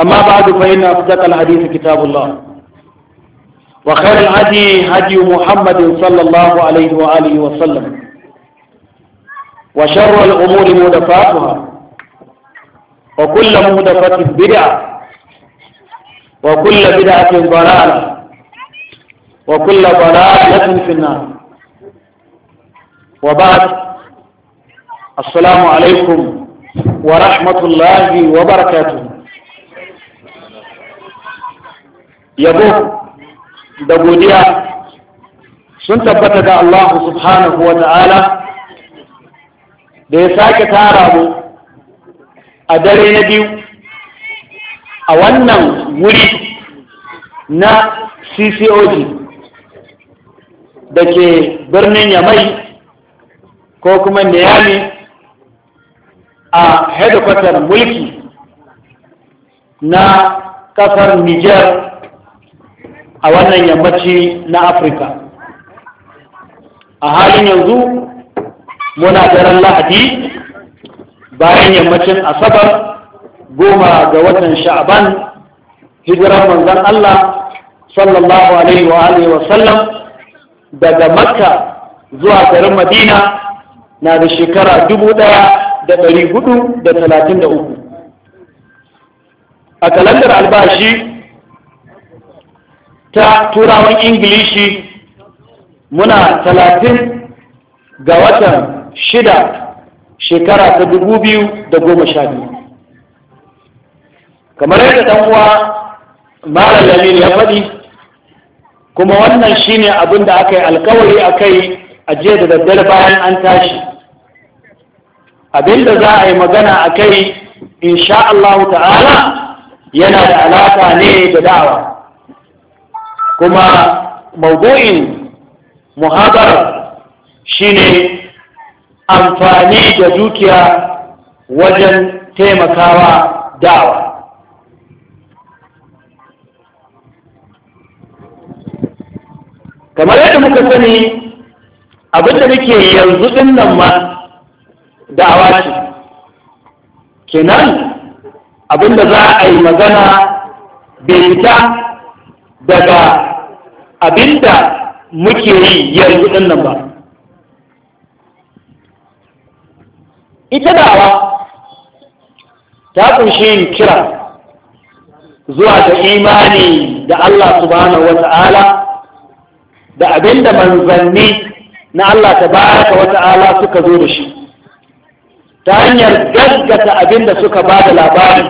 أما بعد فإن أصدق الحديث كتاب الله وخير الهدي هدي محمد صلى الله عليه وآله وسلم وشر الأمور مدفاتها وكل مهدفة بدعة وكل بدعة ضلالة وكل ضلالة في النار وبعد السلام عليكم ورحمة الله وبركاته yabo da godiya sun tabbata ga Allah subhanahu wa ta'ala da ya sake tara mu a dare na biyu a wannan wuri na CCOG da ke birnin Yamai ko kuma Niyami a hedikwatar mulki na ƙasar Nijar a wannan yammaci na afirka a halin yanzu muna daren lahadi bayan yammacin asabar goma ga watan sha'aban hijirar manzan allah sallallahu alaihi wa alihi wa sallam daga makka zuwa garin madina na da shekara dubu ɗaya da ɗari hudu da talatin da uku a kalandar albashi ta turawan ingilishi muna talatin ga watan shida shekara ta dubu biyu da goma sha biyu kamar yadda ɗan uwa malam lalil ya faɗi kuma wannan shine abin da aka yi alkawari a kai a jiya da daddare bayan an tashi abinda za a yi magana a kai insha Allah ta'ala yana da alaƙa ne da da'awa kuma mawdu'in shi shine amfani da dukiya wajen taimakawa dawa kamar yadda muka sani abinda muke yanzu din nan ma da'wa ce kenan abinda za a yi magana bai fita daga abinda muke yi yanzu ɗin nan ba ita dawa ta kunshi yin kira zuwa da imani da Allah subhanahu wata'ala da abinda manzanni na Allah ta baraka wata'ala suka zo da shi ta hanyar gaggata abinda suka ba da labari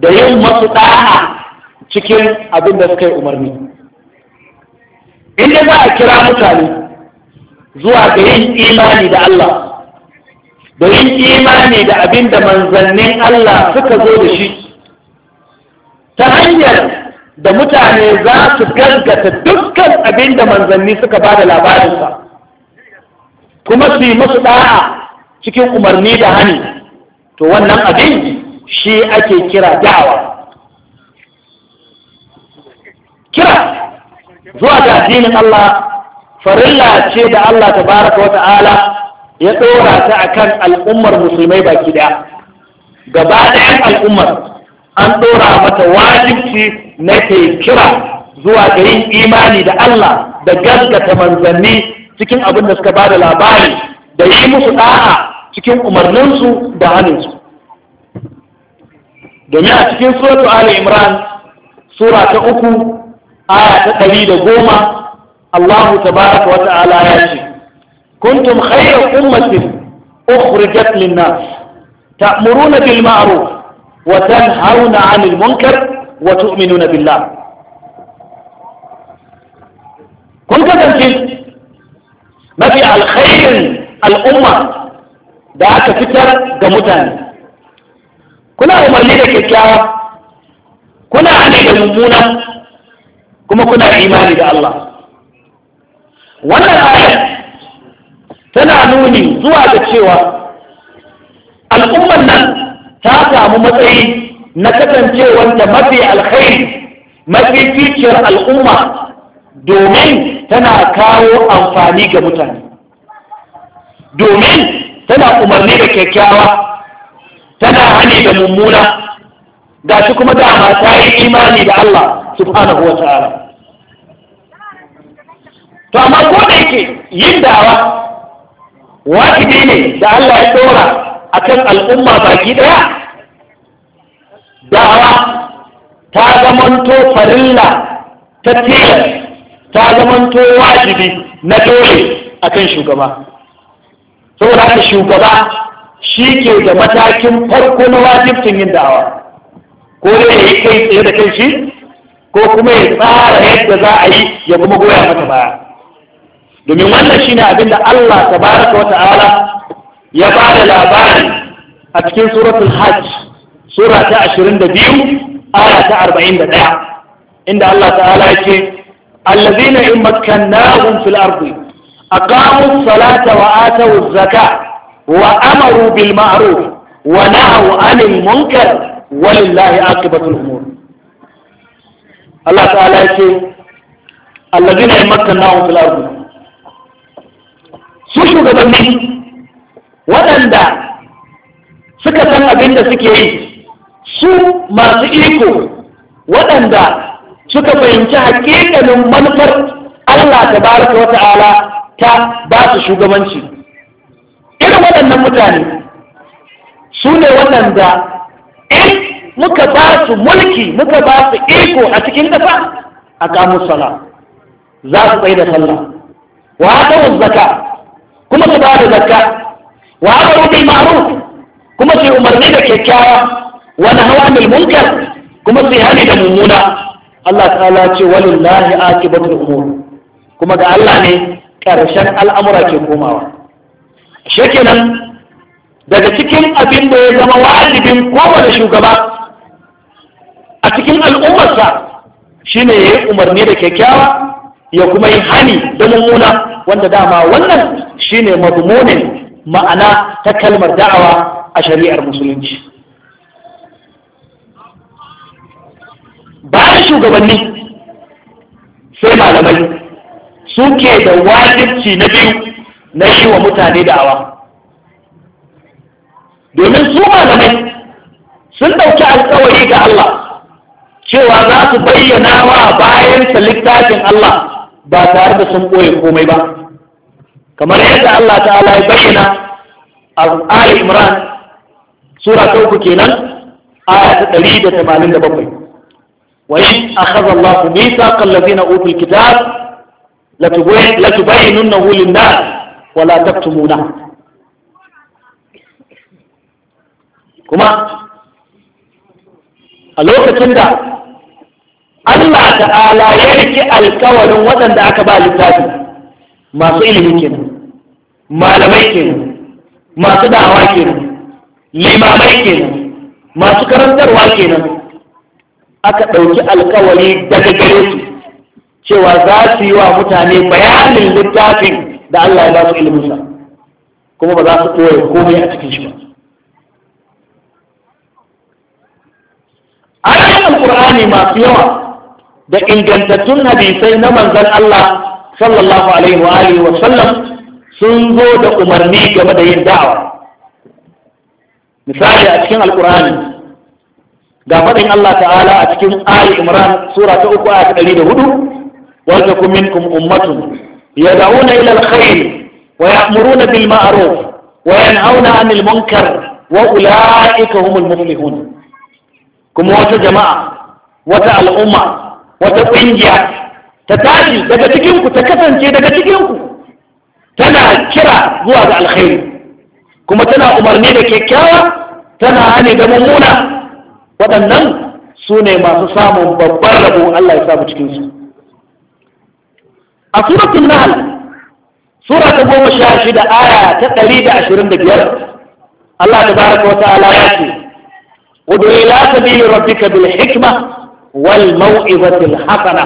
da yin masu ɗa'a cikin abin da suka yi umarni inda za a kira mutane zuwa ga yin imani da Allah da yin imani da abin da manzannin Allah suka zo da shi ta hanyar da mutane za su gaggata dukkan abin da manzanni suka ba da labarinsa kuma su yi musu ɗa'a cikin umarni da hani to wannan abin shi ake kira da'awa kira zuwa ga addinin Allah farilla ce da Allah ta baraka wa ta'ala ya tsora ta kan al'ummar musulmai baki ɗaya gaba ɗayan al'ummar an ɗora mata wajibci na ke kira zuwa ga yin imani da Allah da gaskata manzanni cikin abin da suka bada labari da yi musu ɗa'a cikin umarninsu da hannunsu domin a cikin suratu Ali Imran sura ta uku aya ta ɗari da goma Allahu tabaraka wa ta'ala ya ce kuntum khayra ummatin ukhrijat lin-nas ta'muruna bil ma'ruf wa tanhauna 'anil munkar wa tu'minuna billah kun kasance mafi alkhairin al'umma da aka fitar ga mutane kuna umarni da kyakkyawa kuna ne da mummuna kuma kuna imani da Allah wannan ayar tana nuni zuwa da cewa al'ummar nan ta samu matsayi na kasancewanta mafi alkhairi mafi ficiyar al'umma domin tana kawo amfani ga mutane domin tana umarni da kyakkyawa tana hani da mummuna ga shi kuma dama ta yi imani da Allah subhanahu wa ta'ala to amma ko da yake yin dawa wajibi ne da Allah ya dora akan al'umma baki daya dawa ta zamanto farilla ta tilas ta zamanto wajibi na dole akan shugaba saboda haka shugaba shi ke da matakin farko na wajibcin yin dawa? ko da ya yi kai tsaye da kai shi ko kuma ya tsara yadda za a yi ya kuma goya mata baya domin wannan shine abin da Allah tabaraka wa ta'ala ya ba da labarin a cikin suratul hajj sura ta 22 aya ta 41 inda Allah ta'ala yake allazina in makkannahum fil ardi aqamu as-salata wa atu az-zakata wa amaru bil ma'ruf wa nahaw 'anil munkar walillahi aqibatul umur Allah ta'ala ya allazina fil su shugabanni waɗanda suka san abin da suke yi su masu iko waɗanda suka fahimci hakikalin manufar Allah tabaraka wa ta'ala ta ba su shugabanci irin waɗannan mutane su ne waɗanda in muka ba su mulki muka ba su iko a cikin ƙasa a kamun sala za su tsaye da sallah wa ta zaka kuma su ba da zakka wa haɗa rubin maru kuma su umarni da kyakkyawa wani hawa mai munkar kuma su hali da mummuna Allah ta'ala ce walillahi akibatul umur kuma ga Allah ne ƙarshen al'amura ke komawa shekenan daga cikin abin da ya zama wajibin kowane shugaba a cikin al'ummarsa ne ya yi umarni da kyakkyawa ya kuma yi hani da mummuna wanda dama wannan shi shine mazmunin ma'ana ta kalmar da'awa a shari'ar musulunci bayan shugabanni sai malamai suke da wajibci na biyu na shi wa mutane da'awa domin su malamai sun ɗauki alkawari ga Allah cewa za su bayyana wa bayan sa littafin Allah ba tare da sun ɓoye komai ba kamar yadda Allah ta'ala ya bayyana a Ali Imran sura ta uku kenan aya ta ɗari da tamanin da bakwai wa in akhadha Allahu mithaqa allazina utul kitab latubayyinunnahu lin-nas wa la taktumunahu kuma a lokacin da Allah ta'ala ya rike alkawarin waɗanda aka ba littafi masu ilimi kenan malamai kenan masu da'awa kenan limamai kenan masu karantarwa kenan aka ɗauki alkawari daga gare su cewa za su yi wa mutane bayanin littafin da Allah ya ba su sa kuma ba za su koya komai a cikin shi ba ayyukan masu yawa da ingantattun hadisai na manzon Allah sallallahu alaihi wa alihi wa sallam sun zo da umarni game da yin da'awa misali a cikin alqur'ani ga faɗin Allah ta'ala a cikin Ali Imran sura ta 3 aya ta 104 wal takum minkum ummatun yad'una ila alkhair wa ya'muruna bil ma'ruf wa yanhauna 'anil munkar wa ulaika humul muflihun kuma wata jama'a wata al'umma wata ƙungiya ta tashi daga cikinku ta kasance daga cikinku tana kira zuwa ga alkhairi kuma tana umarni da kyakkyawa tana hane da mummuna waɗannan su ne masu samun babban rabo Allah ya samu cikinsu a suratun nahal sura ta goma sha shida aya ta ɗari da ashirin da biyar Allah ta baraka wata ala ya ce Wudu ila sabili rabbika bil hikma wal mau'izatil hasana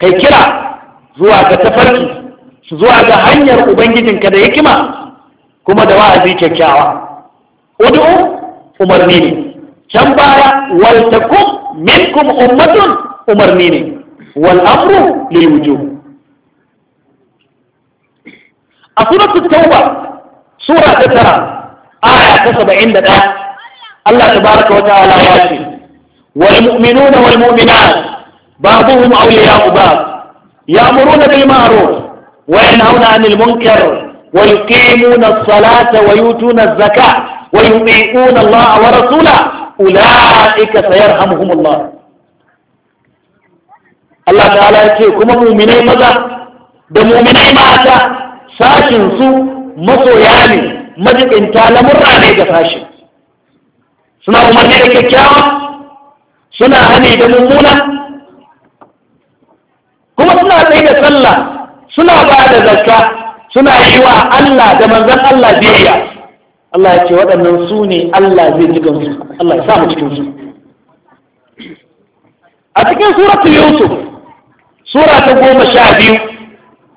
kai kira zuwa ga tafarki zuwa ga hanyar ubangijinka da hikima kuma da wa'azi kyakkyawa ud'u umarni ne can baya wal takum minkum ummatun umarni ne wal amru a tara 71 Allah tabaraka wa ta'ala ce والمؤمنون والمؤمنات بعضهم أولياء بعض يأمرون بالمعروف وينهون عن المنكر ويقيمون الصلاة ويؤتون الزكاة ويطيعون الله ورسوله أولئك سيرحمهم الله الله تعالى ya مؤمنين ماذا؟ بمؤمنين ماذا؟ ساشن muminai mata يعني مجد انتال ne majikinta lamurra ne ga sashin suna suna hane da mummuna kuma suna tsaye da sallah suna ba da zakka suna yi wa Allah da manzan Allah biyayya Allah ya ce waɗannan su ne Allah zai ji gansu Allah ya samu cikin su a cikin suratu yusuf sura ta goma sha biyu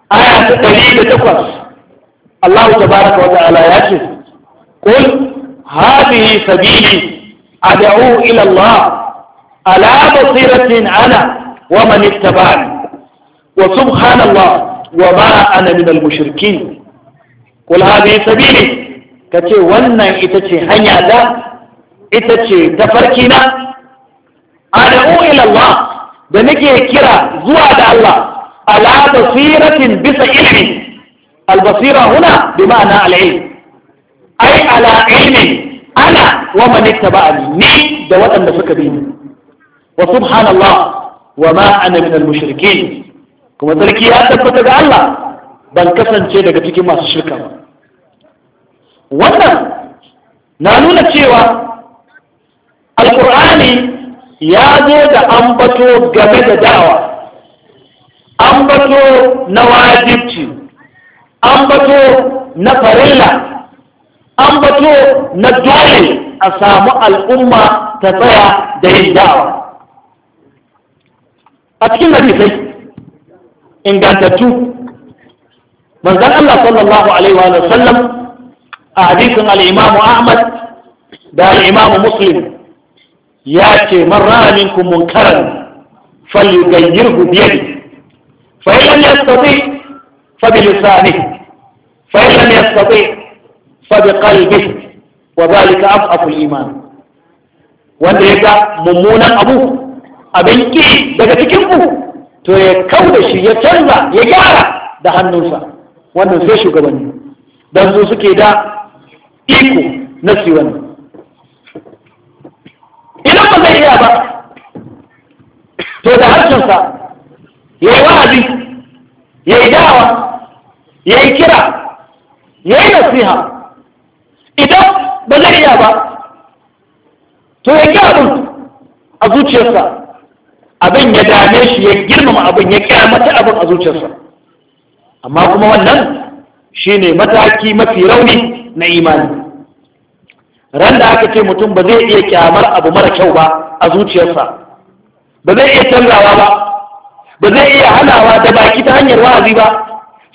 aya ta ɗari da takwas Allah ta baraka wa ta'ala ya ce قل هذه سبيلي أدعو إلى الله ala basiratin ana wa man ittaba'ani wa subhanallah wa ma ana min al-mushrikin kul hadhihi sabili wannan ita ce hanya da ita ce tafarki na ad'u ila Allah da nake kira zuwa da Allah ala basiratin bisa ilmi البصيرة هنا بمعنى العلم أي على علم أنا ومن ni da waɗanda suka فكبيني wa subhanallah wa ma ana min al kuma sarki ya tabbata ga Allah ban kasance daga cikin masu shirka ba wannan na nuna cewa alkur'ani ya zo da ambato game da dawa ambato na wajibci ambato na farilla ambato na dole a samu al'umma ta tsaya da yin dawa a cikin hadisai ingantattu manzon Allah sallallahu alaihi wa sallam a hadisin al-Imam Ahmad da al-Imam Muslim ya ce man ra'a minkum munkaran falyughayyirhu bi yadihi fa in lam yastati fa bi lisanihi fa in lam yastati fa bi qalbihi wa dhalika af'afu al-iman wanda ya ga mummunan abu abin ki daga cikin ku to ya kau da shi ya canza ya gyara da hannunsa wannan sai shugabanni don su suke da iko na su idan ba zai iya ba to da harshensa ya yi wa'azi ya yi dawa ya yi kira ya yi nasiha idan ba zai iya ba to ya gyara a zuciyarsa abin ya dame shi ya girmama abin ya mata abin a zuciyarsa amma kuma wannan shine mataki mafi rauni na imani ran da aka ce mutum ba zai iya kyamar abu mara kyau ba a zuciyarsa ba zai iya canzawa ba ba zai iya halawa da baki ta hanyar wa'azi ba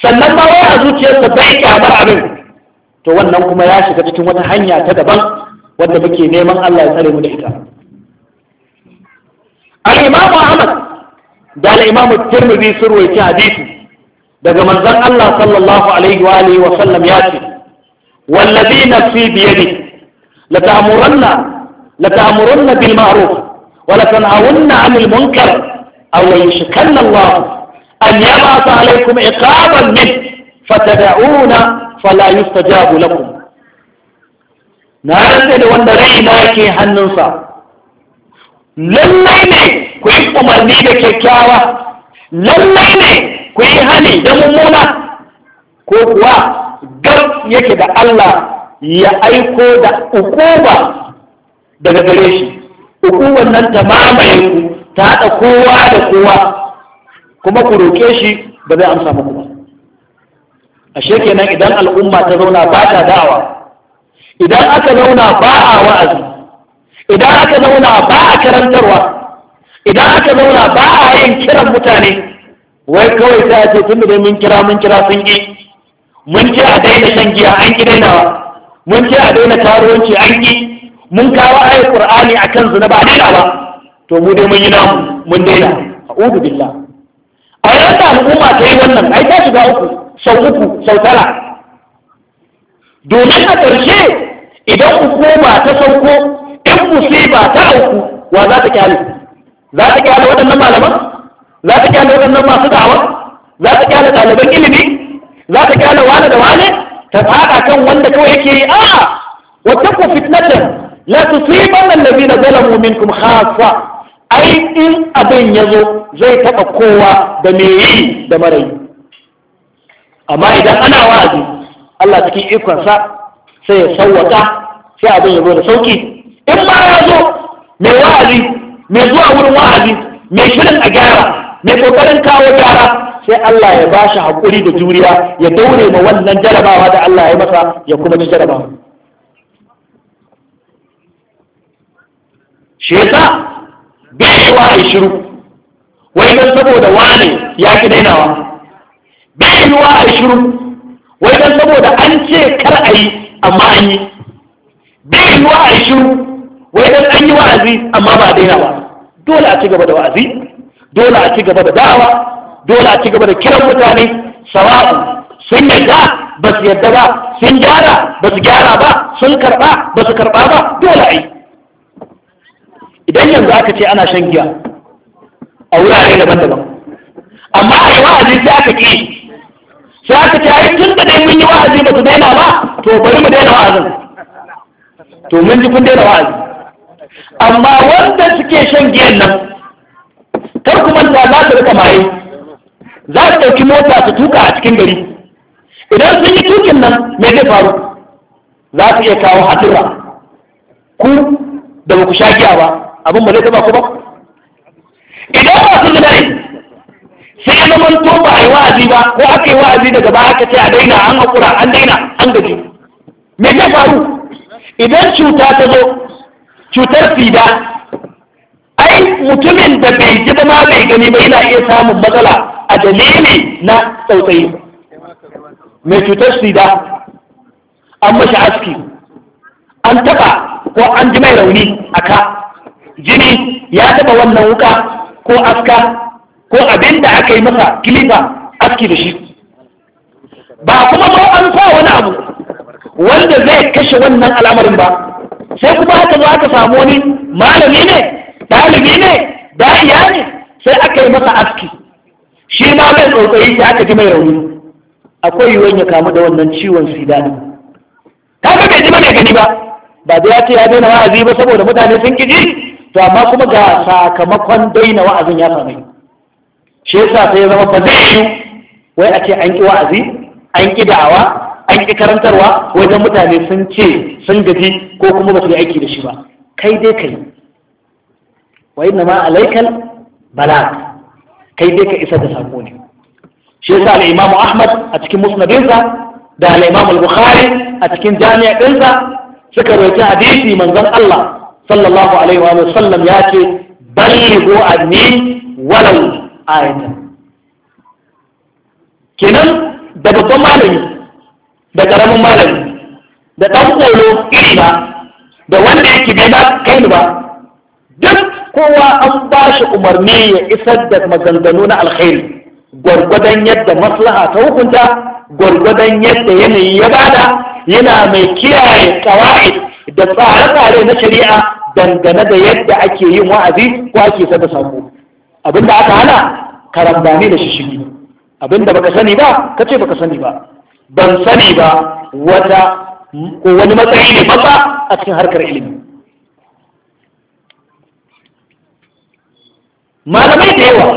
sannan ba wai a zuciyarsa bai kyamar abin to wannan kuma ya shiga cikin wata hanya ta daban wadda muke neman Allah ya tsare mu da ita الامام احمد ده الامام الترمذي سروي حديثه ده من ذن الله صلى الله عليه واله وسلم ياتي والذي نفسي بيده لتامرن لتامرن بالمعروف ولتنهون عن المنكر او يشكن الله ان يبعث عليكم عقابا منه فتدعون فلا يستجاب لكم نعم لو ان رينا كي حننصر lallai ne ku yi umarni da kyakkyawa lallai ne ku yi hani da mummuna ko kuwa gab yake da Allah ya aiko da ukuba daga gare shi ukuban nan ta mamaye ku ta haɗa kowa da kowa kuma ku roƙe shi ba zai amsa muku ba ashe kenan idan al'umma ta zauna ba ta da'awa idan aka zauna ba a wa'azi idan aka zauna ba a karantarwa idan aka zauna ba a yin kiran mutane wai kawai ta ce tun da mun kira mun kira sun yi mun ce a daina shan giya an ƙi dainawa mun ce a daina karuwanci an yi mun kawo ayi qur'ani akan zina ba daina ba to mu dai mun yi namu mun daina a'udhu billah a da al'umma ta yi wannan ai ta shiga uku sau uku sau tara domin a ƙarshe idan hukuma ta sauko musiba ta uku wa za ta kyale za ta kyale waɗannan malaman za ta kyale waɗannan masu dawa za ta kyale ɗaliban ilimi za ta kyale wane da wane ta faɗa kan wanda kawai yake yi a'a wa taku fitnatan la tusibanna allazina zalamu minkum khassa ai in abin ya zo zai taɓa kowa da me yi da mara yi amma idan ana wa'azi Allah cikin sa sai ya sauwaka sai abin ya zo da sauki in ba ya zo mai wa'azi mai zuwa wurin wa'azi mai shirin a gyara mai kokarin kawo gyara sai Allah ya ba shi haƙuri da juriya ya daure ma wannan jarabawa da Allah ya masa ya kuma ci jarabawa shi bai gayewa a shiru wai don saboda wane ya ki dainawa gayewa a shiru wai don saboda an ce kar a yi amma an yi wa a shiru wai dan an yi wa'azi amma ba daina ba dole a ci gaba da wa'azi dole a ci gaba da dawa, dole a ci gaba da kiran mutane sawa'u sun yarda ba su yarda ba sun gyara ba su gyara ba sun karba ba su karba ba dole a yi idan yanzu aka ce ana shan giya a wurare daban-daban amma a yi wa'azi sai aka ƙi sai aka ce ai tun da dai mun yi wa'azi ba su daina ba to bari mu daina wa'azin to mun ji kun daina wa'azi amma wanda suke shan giyan nan kar kuma ta za su rika maye za su ɗauki mota su tuka a cikin gari idan sun yi tukin nan me zai faru za su iya kawo hadura ku da ba ku sha giya ba abin ba zai taba ku ba idan ba su gina sai ya zama to ba a yi wa'azi ba ko aka yi wa'azi daga ba aka ce a daina an haƙura an daina an gaji me zai faru idan cuta ta zo cutar sida ai mutumin da bai ji ba ma bai gani ba yana iya samun matsala a dalili na tsautsayi mai cutar sida an mashi aski an taba ko an ji mai rauni a ka jini ya taba wannan wuka ko aska ko abin da aka yi masa kilifa aski da shi ba kuma ba an kowa wani abu wanda zai kashe wannan al'amarin ba sai kuma aka zo aka samu wani malami ne ɗalibi ne bayiya ne sai aka yi masa aski shi ma mai tsotsayi sai aka ji mai rauni akwai yiwuwar ya kamu da wannan ciwon sida Ta kaga bai ji mai gani ba ba da ya ce ya daina wa'azi ba saboda mutane sun ki ji to amma kuma ga sakamakon daina wa'azin ya same shi yasa sai ya zama ba zai yi wai a ce an ki wa'azi an ki da'awa an ƙi karantarwa wajen mutane sun ce sun gaji ko kuma ba ka yi aiki da shi ba kai dai kai wa inna ma alaikal bala kai dai ka isa da sako ne shi yasa al-imamu ahmad a cikin musnadinsa da al-imamu al-bukhari a cikin jami'a ɗinsa suka roki hadisi manzon Allah sallallahu alaihi wa sallam ya ce ballighu anni walau ayatan kenan da babban malami da karamin malami da ɗan kolo iri ba da wanda yake bai ba kai ba duk kowa an ba shi umarni ya isar da maganganu na alkhairi gwargwadon yadda maslaha ta hukunta gwargwadon yadda yanayi ya bada yana mai kiyaye kawai da tsare-tsare na shari'a dangane da yadda ake yin wa'azi ko ake sada sako abinda aka hana karambani da shishigi abinda baka sani ba kace baka sani ba ban sani ba wata ko wani matsayi ne maza a cikin harkar ilimi malamai da yawa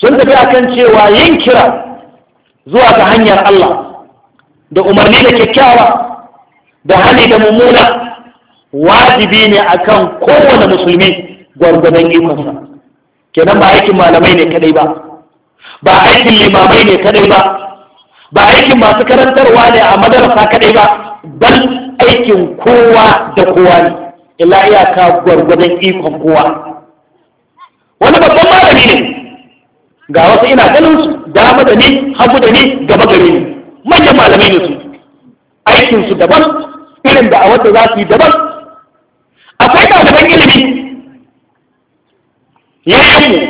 sun tafi kan cewa yin kira zuwa ta hanyar Allah da umarni da kyakkyawa da hali da mummuna wajibi ne akan kowane musulmi gwargwadon ikonsa kenan ba aikin malamai ne kadai ba ba aikin limamai ne kadai ba ba aikin masu karantarwa ne a madarasa kaɗai ba bal aikin kowa da kowa ne iya iyaka gwargwadon ikon kowa wani babban malami ne ga wasu ina ganin su dama da ni hagu da ni gaba gare ni manyan malami ne su aikin su daban irin da a wata za su yi daban akwai ɗaliban ilimi ya yi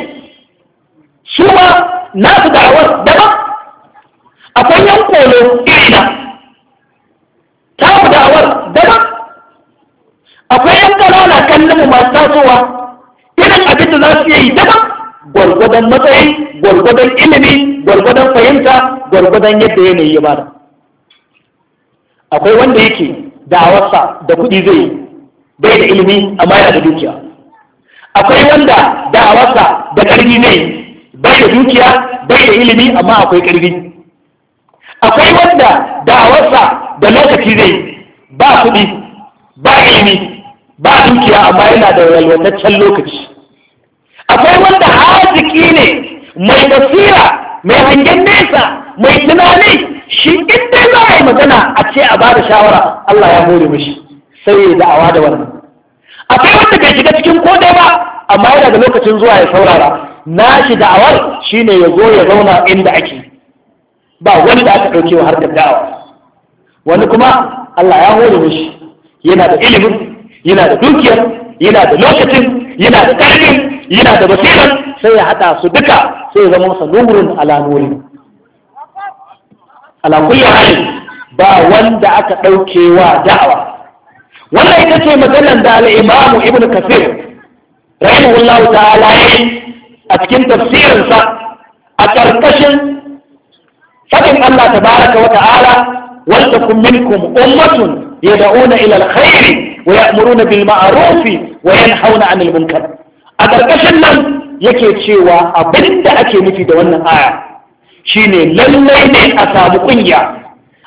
su ma nasu da'awar kolo irina ta mu da'awar daban akwai yan ƙanana kallon mu masu tasowa irin abin da za su yi daban gwargwadon matsayi gwargwadon ilimi gwargwadon fahimta gwargwadon yadda yanayi ya bada akwai wanda yake da'awarsa da kudi zai bai da ilimi amma yana da dukiya akwai wanda da'awarsa da ƙarfi ne bai da dukiya bai da ilimi amma akwai ƙarfi akwai wanda da'awarsa da lokaci zai ba kuɗi ba ilimi ba dukiya amma yana da walwalaccen lokaci akwai wanda haziki ne mai basira mai hangen nesa mai tunani shi inda za a yi magana a ce a ba da shawara Allah ya more mashi sai ya da'awa da wannan akwai wanda bai shiga cikin kodai ba amma yana da lokacin zuwa ya saurara na shi da'awar shine ya zo ya zauna inda ake ba wani da aka ɗauke wa harkar da'awa wani kuma Allah ya hore mishi yana da ilimin yana da dukiyar yana da lokacin yana da ƙarfin yana da basirar sai ya haɗa su duka sai ya zama masa numurin alamomi ala kulli hali ba wanda aka ɗauke wa da'awa wannan ita ce maganar da al-Imam Ibn Kathir rahimahullahu ta'ala a cikin tafsirinsa a ƙarƙashin Allah tabaraka wa ta'ala wal takum minkum ummatun yad'una ila alkhairi wa ya'muruna bil ma'ruf wa yanhauna 'anil munkar a ƙarƙashin nan yake cewa da ake nufi da wannan aya shine lallai ne a samu kungiya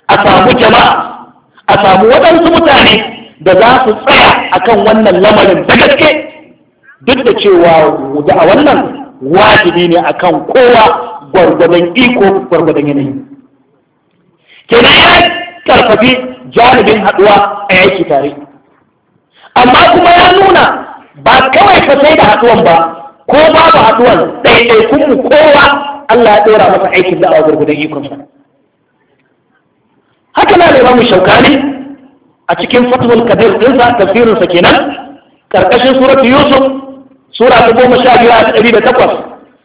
a samu jama'a a samu waɗansu mutane da za su tsaya akan wannan lamarin da gaske duk da cewa da a wannan wajibi ne akan kowa gwargwadon iko gwargwadon yanayi kenan ya karfafi janibin haɗuwa a yaki tare amma kuma ya nuna ba kawai ka sai da haɗuwan ba ko babu haɗuwan ɗaiɗaikun mu kowa Allah ya ɗora masa aikin da a gurgudan sa haka na lura mu shaukani a cikin fatul kadir ɗinsa tafsirinsa kenan ƙarƙashin suratu yusuf sura ta goma sha biyu a ɗari da takwas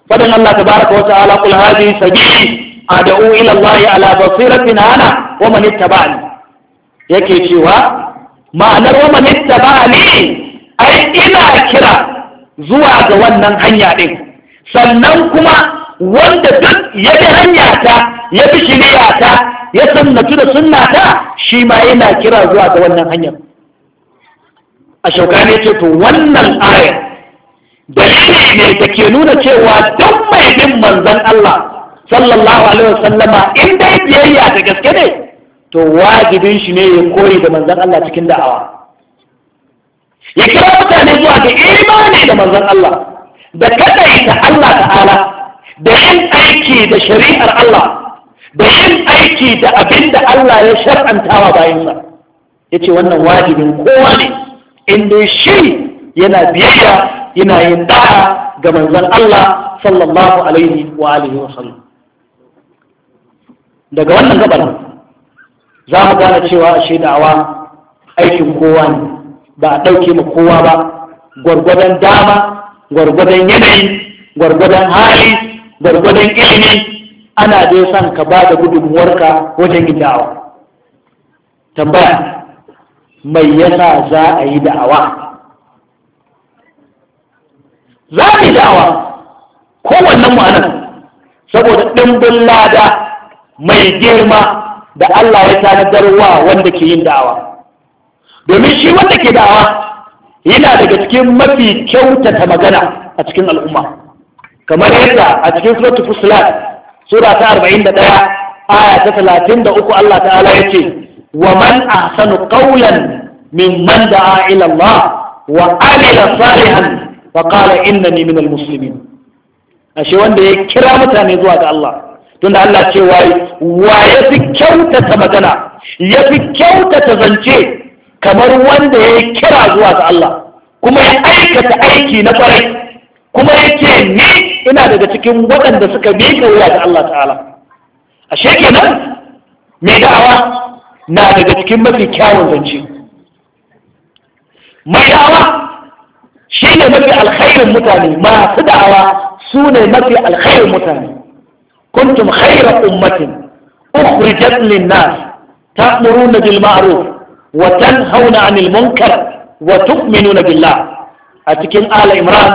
fadin Allah tabaraka wa ta'ala kul hadi sabili ad'u ila Allah ala basiratin ana wa man ittaba'ani yake cewa ma'anar wa man ittaba'ani ai ina kira zuwa ga wannan hanya din sannan kuma wanda duk ya bi hanya ta ya bi shiriya ta ya sunnatu da sunna ta shi ma yana kira zuwa ga wannan hanyar a shauka ne ce to wannan ayar shi ne take nuna cewa duk mai bin manzon Allah sallallahu alaihi wasallama in dai biyayya da gaske ne to wajibin shi ne ya koyi da manzon Allah cikin da'awa ya kira mutane zuwa ga imani da manzon Allah da kadai da Allah ta'ala da yin aiki da shari'ar Allah da yin aiki da abin da Allah ya shar'antawa bayansa ya ce wannan wajibin kowa ne inda shi yana biyayya yana yin da'a ga manzon Allah sallallahu alaihi wa alihi wa sallam daga wannan gabar za mu gane cewa ashe da'awa aikin kowa ne ba a ɗauke ma kowa ba gwargwadon dama gwargwadon yanayi gwargwadon hali gwargwadon ilimi ana dai son ka ba da gudunmuwarka wajen yin da'awa tambaya mai yasa za a yi da'awa za a yi da'awa kowannen ma'anar saboda ɗimbin lada mai girma da Allah ya tanadar wanda ke yin da'awa domin shi wanda ke da'awa yana daga cikin mafi kyautata magana a cikin al'umma kamar yadda a cikin suratul fusilat sura ta 41 aya ta 33 Allah ta'ala ya ce, wa man ahsanu min mimman da ila Allah wa amila salihan wa qala min al muslimin ashe wanda ya kira mutane zuwa ga Allah tunda Allah ce wa ya fi kyautata magana ya fi kyautata zance kamar wanda ya kira zuwa ga Allah kuma ya aikata aiki na kwarai kuma yake ni ina daga cikin waɗanda suka miƙa wuya ga Allah ta'ala ashe kenan mai da'awa na daga cikin mafi kyawun zance mai da'awa shi ne mafi alkhairin mutane masu da'awa su ne mafi alkhairin mutane كنتم خير أمة أخرجت للناس تأمرون بالمعروف وتنهون عن المنكر وتؤمنون بالله أتكين آل إمران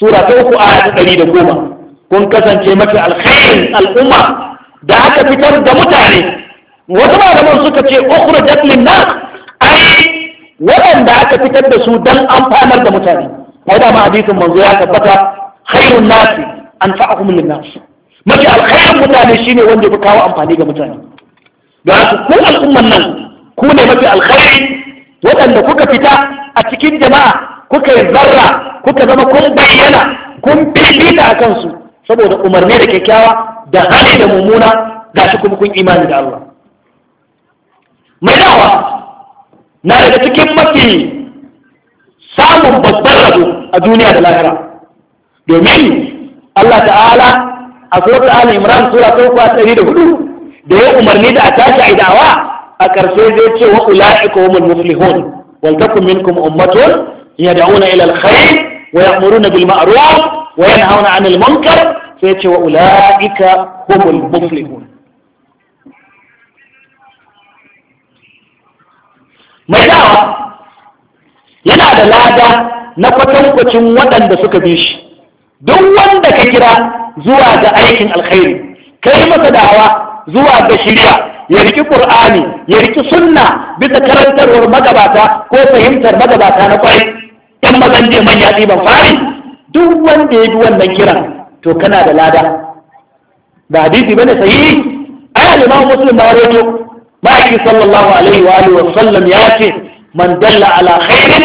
سورة أوكو آية قليل قومة كن كسان كلمات الخير الأمة دعك في ترد متعني وطبعا من سكة أخرجت للناس أي وأن دعك في ترد سودان أمتان المتعني هذا ما حديث من زيادة خير الناس أنفعهم للناس mafi alkhairin mutane shine wanda ya kawo amfani ga mutane da ku al'umman nan ku ne mafi alkhairi waɗanda kuka fita a cikin jama'a kuka yi zarra kuka zama kun bayyana kun fifita a kansu saboda umarni da kyakkyawa da hali da mummuna ga shi kuma kun imani da Allah mai dawa na daga cikin mafi samun babban rabo a duniya da lahira domin Allah ta'ala a suratul ali imran sura ta uku ɗari da hudu da ya umarni da a tashi a idawa a ƙarshe zai ce wa ula'ika humul muflihun wal takum minkum ummatun yad'una ila alkhair wa ya'muruna bil ma'ruf wa yanhauna 'anil munkar sai ce wa ula'ika humul muflihun mai dawa yana da lada na kwatankwacin waɗanda suka bi shi duk wanda ka kira zuwa ga aikin alkhairi kai masa dawa zuwa ga shirya ya riki qur'ani ya riki sunna bisa karantarwar magabata ko fahimtar magabata na kwarai dan mazan je manya ɗiban fari duk wanda ya bi wannan kiran to kana da lada ba hadisi bane sahihi ai al-imam muslim ma rawaito ma'aiki sallallahu alaihi wa alihi wa sallam ya ce man dalla ala khairin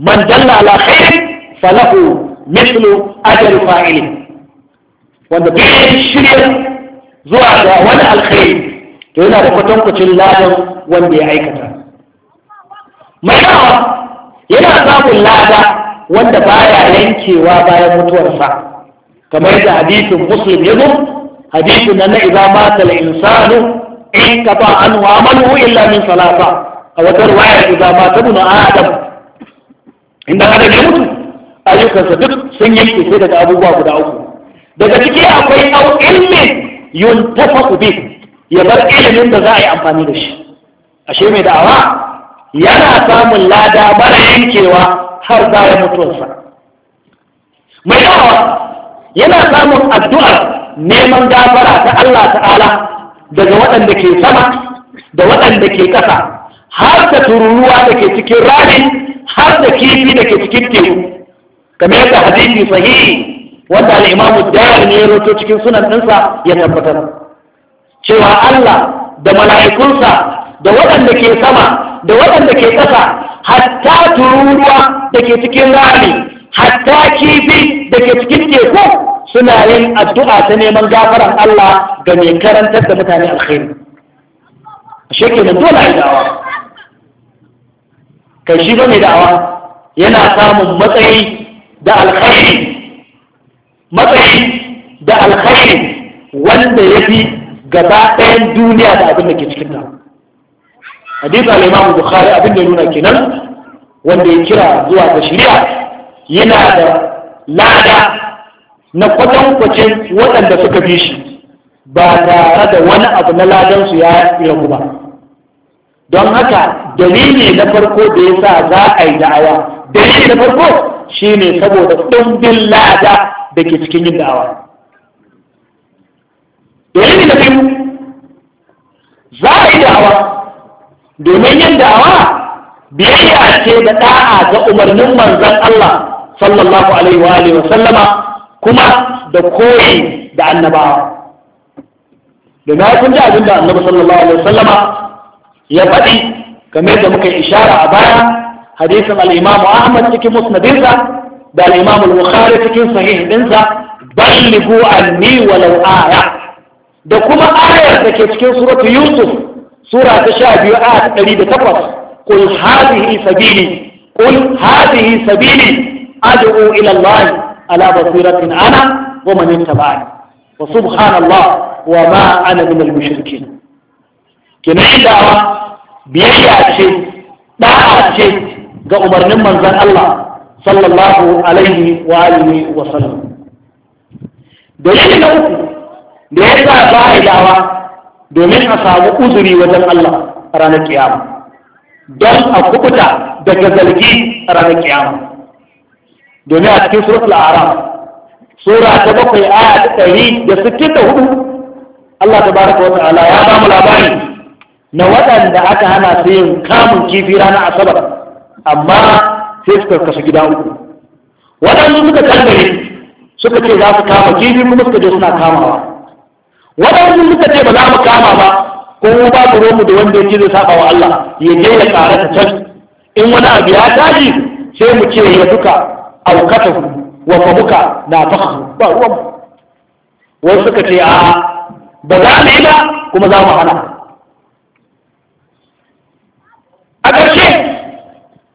man dalla ala khairin falahu mithlu ajri wanda ta shirya zuwa ga wani alkhairi to yana da kwatankwacin ladan wanda ya aikata Mai mayawa yana samun lada wanda baya yankewa bayan mutuwarsa kamar da hadisin muslim ya zo hadisin na idza mata al insanu in qata an wa amalu illa min salasa a wata iza ma mata ibn adam inda kada ya mutu ayyukansa duk sun yanke sai daga abubuwa guda uku daga ciki akwai au yun tafa ubi ya bar ilimin da za a yi amfani da shi ashe mai da'awa yana samun lada mara yankewa har bayan mutuwarsa mai da'awa yana samun addu'ar neman gafara ta Allah ta'ala daga waɗanda ke sama da waɗanda ke ƙasa har da tururuwa da ke cikin rami har da kifi da ke cikin teku kamar yadda hadisi sahihi wanda al'imamu da'ar ne ya roto cikin sunan ɗinsa ya tabbatar cewa Allah da mala'ikunsa da waɗanda ke sama da waɗanda ke ƙasa hatta tururuwa da ke cikin rami hatta kifi da ke cikin teku suna yin addu'a ta neman gafaran Allah ga mai karantar da mutane alkhairi nan dole a da'awa kai shi ba mai da'awa yana samun matsayi da alkhairi matsayi da alkhairi wanda ya fi gaba ɗayan duniya da abin da ke cikin ta hadisi al bukhari abin da nuna kenan wanda ya kira zuwa ga shari'a yana da lada na kwatankwacin waɗanda suka bi shi ba tare da wani abu na ladansu ya ragu ba don haka dalili na farko da ya sa za a yi da'awa dalili na farko shine saboda ɗumbin lada da ke cikin yin da'awa dalili na biyu za a yi da'awa domin yin da'awa biyayya ce da da'a ga umarnin manzon Allah sallallahu alaihi wa alihi wa sallama kuma da koyi da annabawa domin ya kun ji abin da annabi sallallahu alaihi wa sallama ya faɗi kamar da muka ishara a baya hadisin al-Imam Ahmad cikin musnadinsa da al-Imam al cikin sahih dinsa ballighu anni walau aya da kuma ayar da ke cikin suratu Yusuf sura ta 12 aya ta 108 qul hadhihi sabili qul hadhihi sabili ad'u ila Allah ala basiratin ana wa man ittaba'ani wa subhanallah wa ma ana min al-mushrikin kenan dawa biyayya ce da'a ce ga umarnin manzon Allah sallallahu alaihi wa wa sallam dalili na da ya sa ba a dawa domin a samu uzuri wajen Allah ranar kiyama don a kubuta daga zargi ranar kiyama domin a cikin suratul aram sura ta bakwai aya ta ɗari da sittin da hudu Allah ta baraka wa ta'ala ya ba mu labari na waɗanda aka hana su yin kamun kifi ranar asabar amma sai suka kasu gida uku waɗansu suka tangare suka ce za su kama kifi mu suka je suna kamawa waɗansu suka ce ba za mu kama ba ko mu ba ku romu da wanda yake zai saba wa Allah ya je ya tsara ta can in wani abu ya taji sai mu ce ya duka aukata wa muka na fahu ba ruwan wasu suka ce a ba za mu yi ba kuma za mu hana a ƙarshe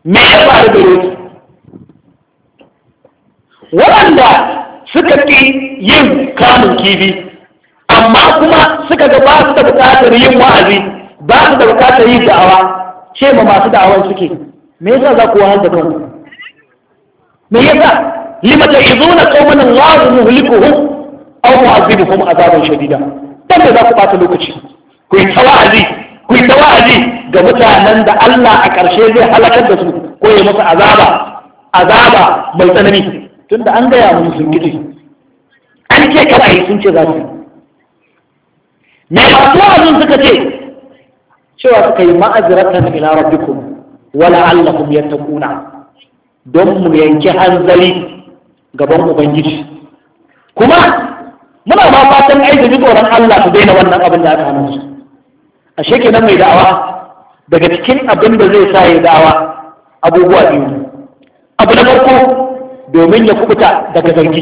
me ya faru da su waɗanda suka ƙi yin kamun kifi amma kuma suka ga ba su da buƙatar yin wa'azi ba su da buƙatar yin da'awa ce ma masu da'awan suke me yasa za ku wahal da kanku me yasa limata izuna qauman Allahu muhlikuhum aw kuma azaban shadida dan da za ku bata lokaci ku yi tawa'azi ku yi tawa'azi ga mutanen da Allah a ƙarshe zai halakar da su ko ya masa azaba azaba mai tsanani tunda an gaya mun sun kiɗi an ce kada yi sun ce za su me masu wa'azin suka ce cewa suka yi ma'aziratan ila rabbikum wala ya taƙuna. don mu yanki hanzari gaban ubangiji kuma muna ma fatan aiki da tsoron Allah su daina wannan abin da aka hana su a shekenan mai da'awa daga cikin abin da zai sa ya da'awa abubuwa biyu abu na farko domin ya kubuta daga zargi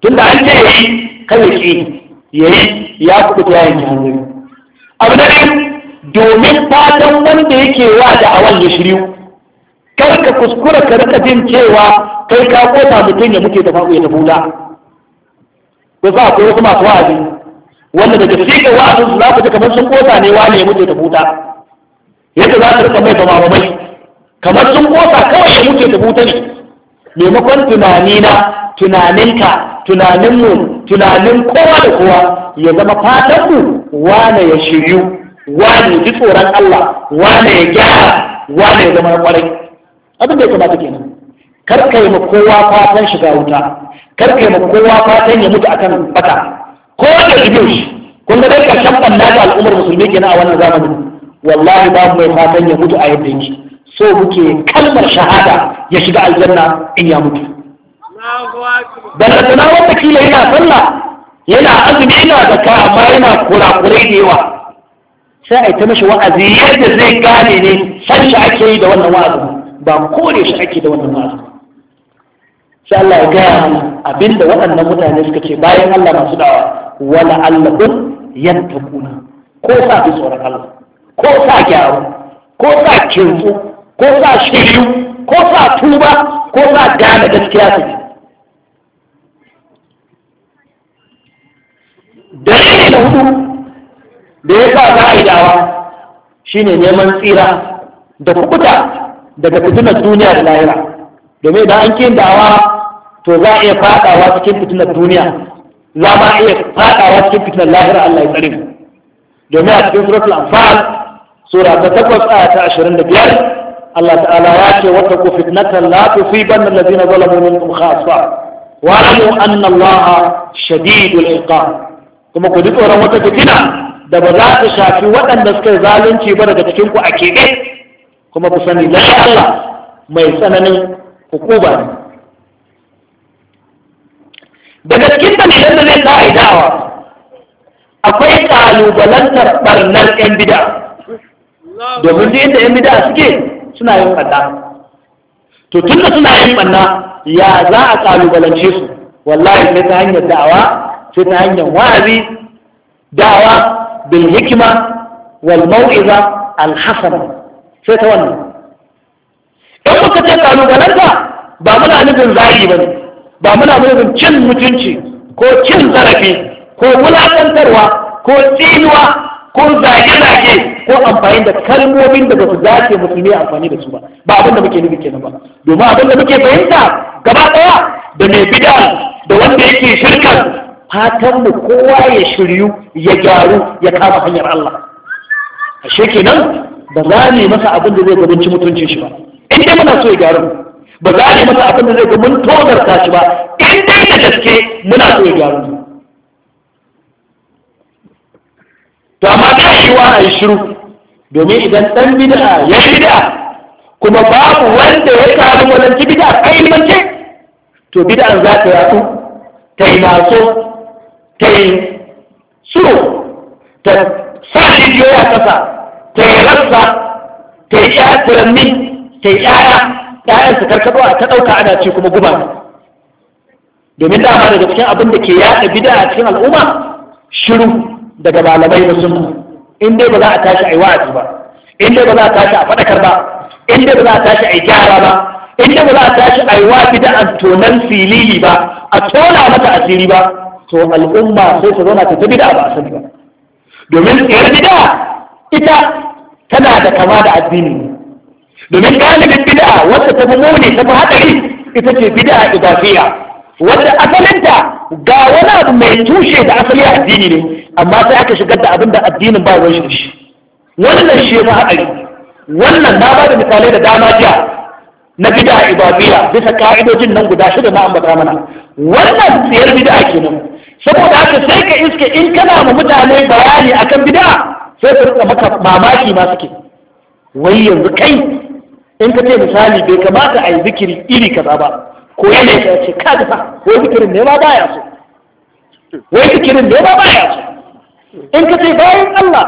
tunda an ce yayi kada ya yayi ya kubuta ya yanki hanzari abu na biyu domin fatan wanda yake wa da awan ya shiru. kar ka kuskura ka rika jin cewa kai ka kota mutum ya muke tafa ya tafi da ko za ku wasu masu wa'azi wanda daga cikin wa'azin su za ku ji kamar sun kota ne ne ya muke tafi da yadda za su rika mai ba mamamai kamar sun kosa kawai ya mutu ta buta ne maimakon tunanina tunaninka tunaninmu tunanin kowa da kowa ya zama fatanmu wane ya shiryu wane ya ji tsoron Allah wane ya gyara wane ya zama kwarai abin da ya kamata kenan kar ka yi kowa fatan shiga wuta kar ka yi kowa fatan ya mutu akan bata ko da ido shi kun ga dai karshen ɓanna da al'ummar musulmi kenan a wannan zamanin wallahi babu mai fatan ya mutu a yadda yake so muke kalmar shahada ya shiga aljanna in ya mutu balantana wata kila yana sallah yana azumi yana da zaka amma yana kurakurai da yawa sai a yi ta mashi wa'azi yadda zai gane ne san shi ake yi da wannan wa'azi ba kore shi ake da wannan wa'azi sai Allah ya gaya mana abinda waɗannan mutane suka ce bayan Allah masu dawa wala allahun yantaquna ko sa fi tsoron Allah ko sa gyaru ko sa kinsu ko sa shiryu ko sa tuba ko sa gane gaskiya su dalili da hudu da ya sa za a yi dawa neman tsira da kukuta daga fitinar duniya da lahira domin idan an kin dawa to za a iya fadawa cikin fitinar duniya za ma iya fadawa cikin fitinar lahira Allah ya tsare domin a cikin suratul anfal sura ta 8 aya ta biyar. الله تعالى يأتي وتكو فتنة لا تصيبن الذين ظلموا منكم خاصة وعلموا أن الله شديد العقاب كما قلت ورمو تكتنا دبزات شافي وأن نسكي ظالم في بلد تكينكو أكيد كما قلت لا يا الله ما يسنني حقوبا daga cikin dalilan da zai ka'idawa akwai kalubalantar barnar yan bida domin da yan bida suke suna yin ɓanna to tun da suna yin ɓanna ya za a ƙalubalance su wallahi sai ta hanyar da'awa sai ta hanyar wa'azi da'awa bil hikima wal mau'iza al hasana sai ta wannan in muka ce ƙalubalanta ba muna nufin zagi ba ne ba muna nufin cin mutunci ko cin zarafi ko wulaƙantarwa ko tsinuwa ko zage-zage ko amfani da kalmomin da ba su dace musulmi amfani da su ba ba abin da muke nufi kenan ba domin abin da muke fahimta gaba daya da mai bida da wanda yake shirkan fatan mu kowa ya shiryu ya gyaru ya kama hanyar Allah ashe kenan ba za ne masa abin da zai gabanci mutuncin shi ba in dai muna so ya gyaru ba za ne masa abin da zai gabanci mutuncin shi ba in dai da gaske muna so ya gyaru to amma ta yi wa a yi shiru domin idan ɗan bid'a ya bid'a kuma babu wanda ya kalu wadanci bid'a kai mace to an za ta yatsu ta yi maso ta yi suru ta sa rijiyoyi a ƙasa ta yi rarsa ta yi ya tiranni ta yi ƴaƴa ƴaƴan su karkaɗo a ta ɗauka ana ci kuma guba domin dama daga cikin abin da ke yaɗa bid'a a cikin al'umma shiru daga malamai na sunna in dai ba za a tashi a yi wa'azi ba in dai ba za a tashi a faɗakar ba in dai ba za a tashi a yi gyara ba in dai ba za a tashi a yi wa'azi da antonan filili ba a tona mata asiri ba to al'umma sai ta zauna ta ta bida ba a sani ba domin tsayar bida ita tana da kama da addini domin galibin bida wacce ta fi mone ta fi haɗari ita ce bida idafiya wanda asalinta ga wani abu mai tushe da asali addini ne amma sai aka shigar da abin da addinin ba ruwan shi shi wannan shi ma haɗari wannan na ba da misalai da dama jiya na bid'a ibadiyya bisa ka'idojin nan guda shida na ambata mana wannan tsayar bid'a kenan saboda haka sai ka iske in kana ma mutane bayani akan bid'a sai su rika maka mamaki ma suke wai yanzu kai in ka ce misali bai kamata a yi zikiri iri kaza ba ko yana ya ce ka ga ko zikirin ne ma baya so wai zikirin ne ma baya so in ka ce bayan Allah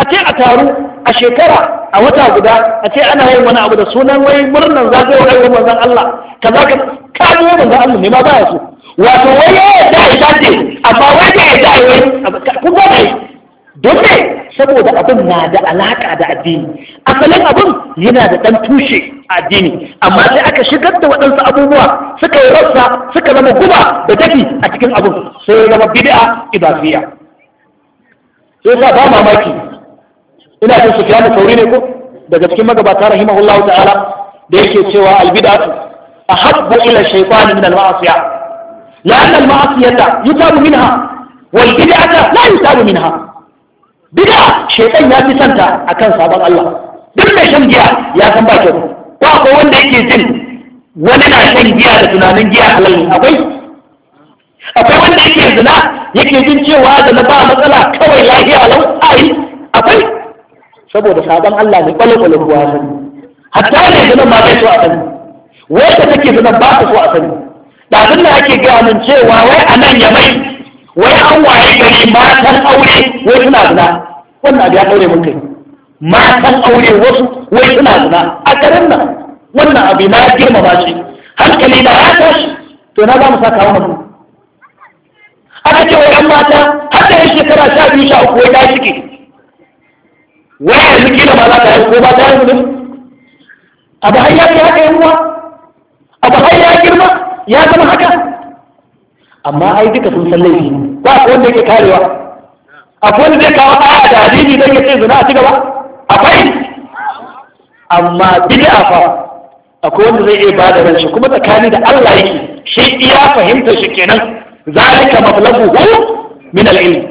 a ce a taru a shekara a wata guda a ce ana yin wani abu da sunan wai murnan zagayowar rayuwar Allah kaza ka kaji manzon Allah ne ma baya so wato wai ya yarda ya dace amma wai ya yarda ya wai kun ga dai don ne saboda abin na da alaka da addini asalin abin yana da dan tushe a addini amma sai aka shigar da waɗansu abubuwa suka yi rassa suka zama guba da dafi a cikin abin sai zama bid'a ibadiyya sai sa ba mamaki ina jin su kiyama sauri ne ko daga cikin magabata rahimahullahu ta'ala da yake cewa albidatu ahabbu ila shaytan min al-ma'asiya لأن المعصية يتاب منها والبدعة لا يتاب منها بدعة شيطان يا في سنتا أكن صابر الله دل شن جيا يا سن باكر واكو wanda yake jin wani na shan giya da tunanin giya halal akwai akwai wanda yake zina yake jin cewa da na ba matsala kawai lafiya lau ai akwai saboda sabon Allah ne kuwa ruwa sani hatta ne zina ma zai so a sani wanda take zina ba ta so a sani da abin da ake gaya min cewa wai a nan ya mai wai an waye gari matan aure wai suna zina wannan abu ya daure mun kai matan aure wasu wai suna zina a garin nan wannan abu na girmama shi hankali na ya tashi to na za mu saka wa mutum aka ce wa mata har da yin shekara sha biyu sha uku wata ciki wai yanzu kila ba za ta yi ko ba ta yi ne abu har ya ce haka yanuwa abu har ya girma ya zama haka amma ai duka sun san laifi ba ko wanda yake karewa akwai wanda zai kawo ɗaya da hadisi don ya ce zina a ci gaba akwai amma bid'a fa akwai wanda zai iya ba da ranshi kuma tsakani da Allah yake shi iya fahimtar shi kenan zalika mablaguhu min al-ilm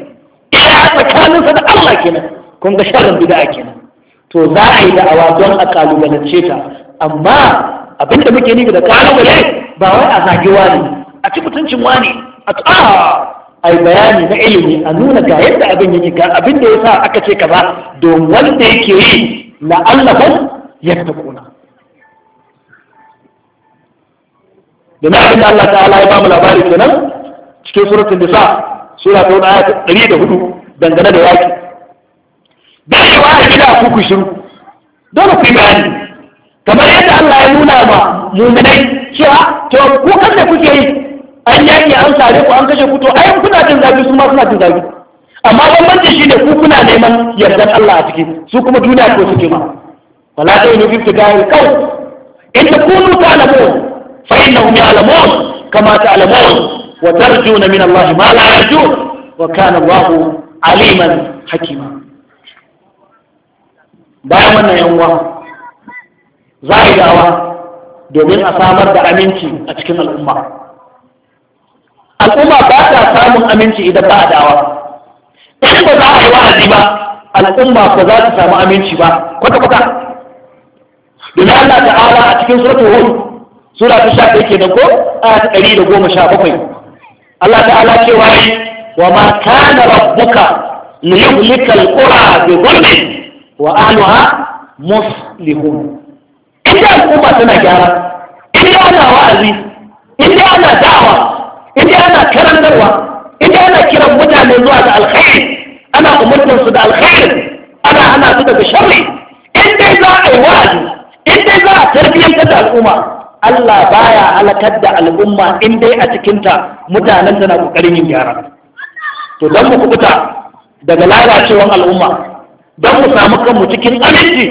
ya tsakanin da Allah kenan kun ga sharrin bid'a kenan to za a yi da'awa don a kalubalance ta amma abinda muke nufi da kalubale ba wai a zagi wani a ci mutuncin wani a ai bayani na ilimi a nuna ga yadda abin yake ga abin da yasa aka ce kaza don wanda yake yi la'allahu yattaquna da na abin da Allah ta'ala ya ba mu labari kenan cikin suratul nisa sura ta da hudu, dangane da yaki da yi a gida da kuku shiru dole ku yi bayani kamar yadda Allah ya nuna ma mu'minai cewa to ku kan da kuke yi an yaki an sare ku an kashe ku to ayin kuna jin zafi su ma suna jin zafi amma bambancin shi ne ku kuna neman yardar Allah a ciki su kuma duniya ko suke ma wala ta yi nufin ta gaya kawai in ta kunu ta alamu fa'in na hum ya'lamun kamata wa na min Allah ma la yarjun wa kana Allah aliman hakima bayan wannan yanwa za a yi dawa domin a samar da aminci a cikin al'umma al'umma ba ta samun aminci idan ba a dawa in ba za a yi wa'azi ba al'umma ba za ta samu aminci ba kwata-kwata domin Allah ta'ala a cikin suratul hud sura ta 11 da ko a 117 Allah ta'ala cewa ne wa ma kana rabbuka liyuhlika alqura bi dhulmin wa ahliha muslihun idan al'umma tana gyara idan ana wa'azi idan ana da'awa idan ana karantarwa idan ana kiran mutane zuwa ga alkhairi ana umurtar su da alkhairi ana hana su daga sharri in dai za a yi wa'azi in dai za a tarbiyyantar da al'umma Allah baya halakar da al'umma in dai a cikinta mutanen na ƙoƙarin yin gyara to don mu kubuta daga lalacewar al'umma don mu samu kanmu cikin aminci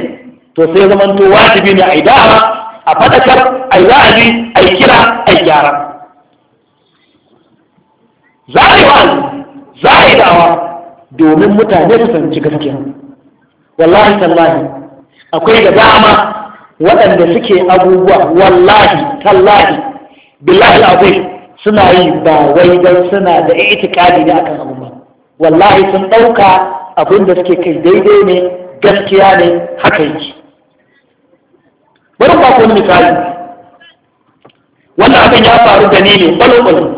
to sai to wajibi ne a yi dama a faɗakar a yi wa'azi a yi kira a yi gyara za a yi wa'azi za a yi dawa domin mutane su sanci gaskiya wallahi sallahi, akwai da dama waɗanda suke abubuwa wallahi tallahi billahi azim suna yi ba wai don suna da itikadi ne akan abu ba wallahi sun ɗauka abin da suke kai daidai ne gaskiya ne haka yi. bari ba ku misali wannan abin ya faru da ni ne ne ɓalo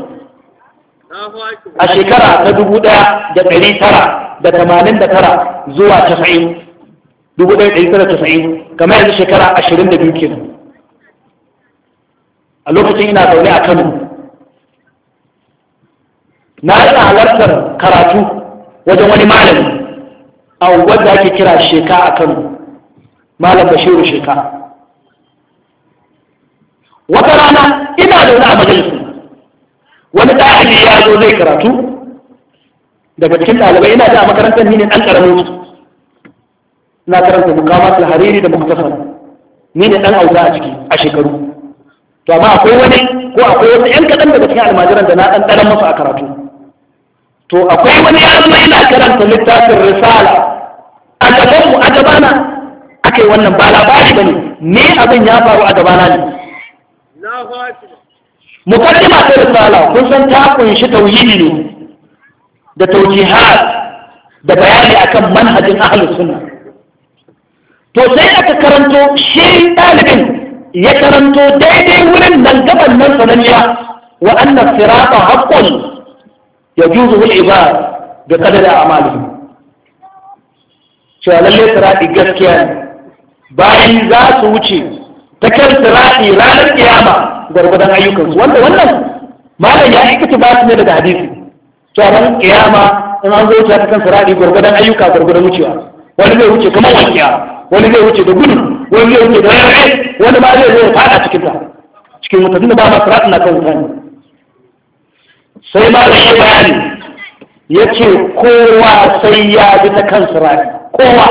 a shekara ta dubu ɗaya da ɗari tara da tamanin da tara zuwa tasa'in dubu ɗaya ɗari tara tasa'in kamar yanzu shekara ashirin da biyu kenan a lokacin ina zaune a kano na yana halartar karatu wajen wani malami a wadda ake kira sheka a kano malam bashiru sheka wata rana ina zaune a majalisa wani ɗalibi ya zo zai karatu daga cikin ɗalibai ina da makarantar ni ne ɗan ƙaramin na karanta mukamat hariri da muktasar ni ne dan auza a ciki a shekaru to amma akwai wani ko akwai wasu yan kaɗan daga cikin almajiran da na ɗan ɗaran masa a karatu to akwai wani ya zama yana karanta littafin risala a gabanmu a gabana aka wannan ba labari ba ne abin ya faru a gabana ne mukaddima ta risala kun san ta kunshi tauhidi ne da taujihat da bayani akan manhajin ahlus sunna to sai aka karanto shi ɗalibin ya karanto daidai wurin nan gaban nan sananniya wa annas sirata haqqun yajuzu lil ibad bi qadri a'malihim cewa lalle sirati gaskiya ne bayan za su wuce ta kan sirati ranar kiyama gwargwadon ayyukansu wanda wannan malam ya aikata ba su ne daga hadisi cewa ran kiyama in an zo wuce ta kan sirati gwargwadon ayyuka gwargwadon wucewa wani zai wuce kamar wankiya wani zai wuce da gudu wani zai wuce da rarrai wani ma zai zai fada cikin ta cikin wuta tunda ba ma sirat na kan wuta sai ma da shi bayani ya ce kowa sai ya bi ta kan sarari, kowa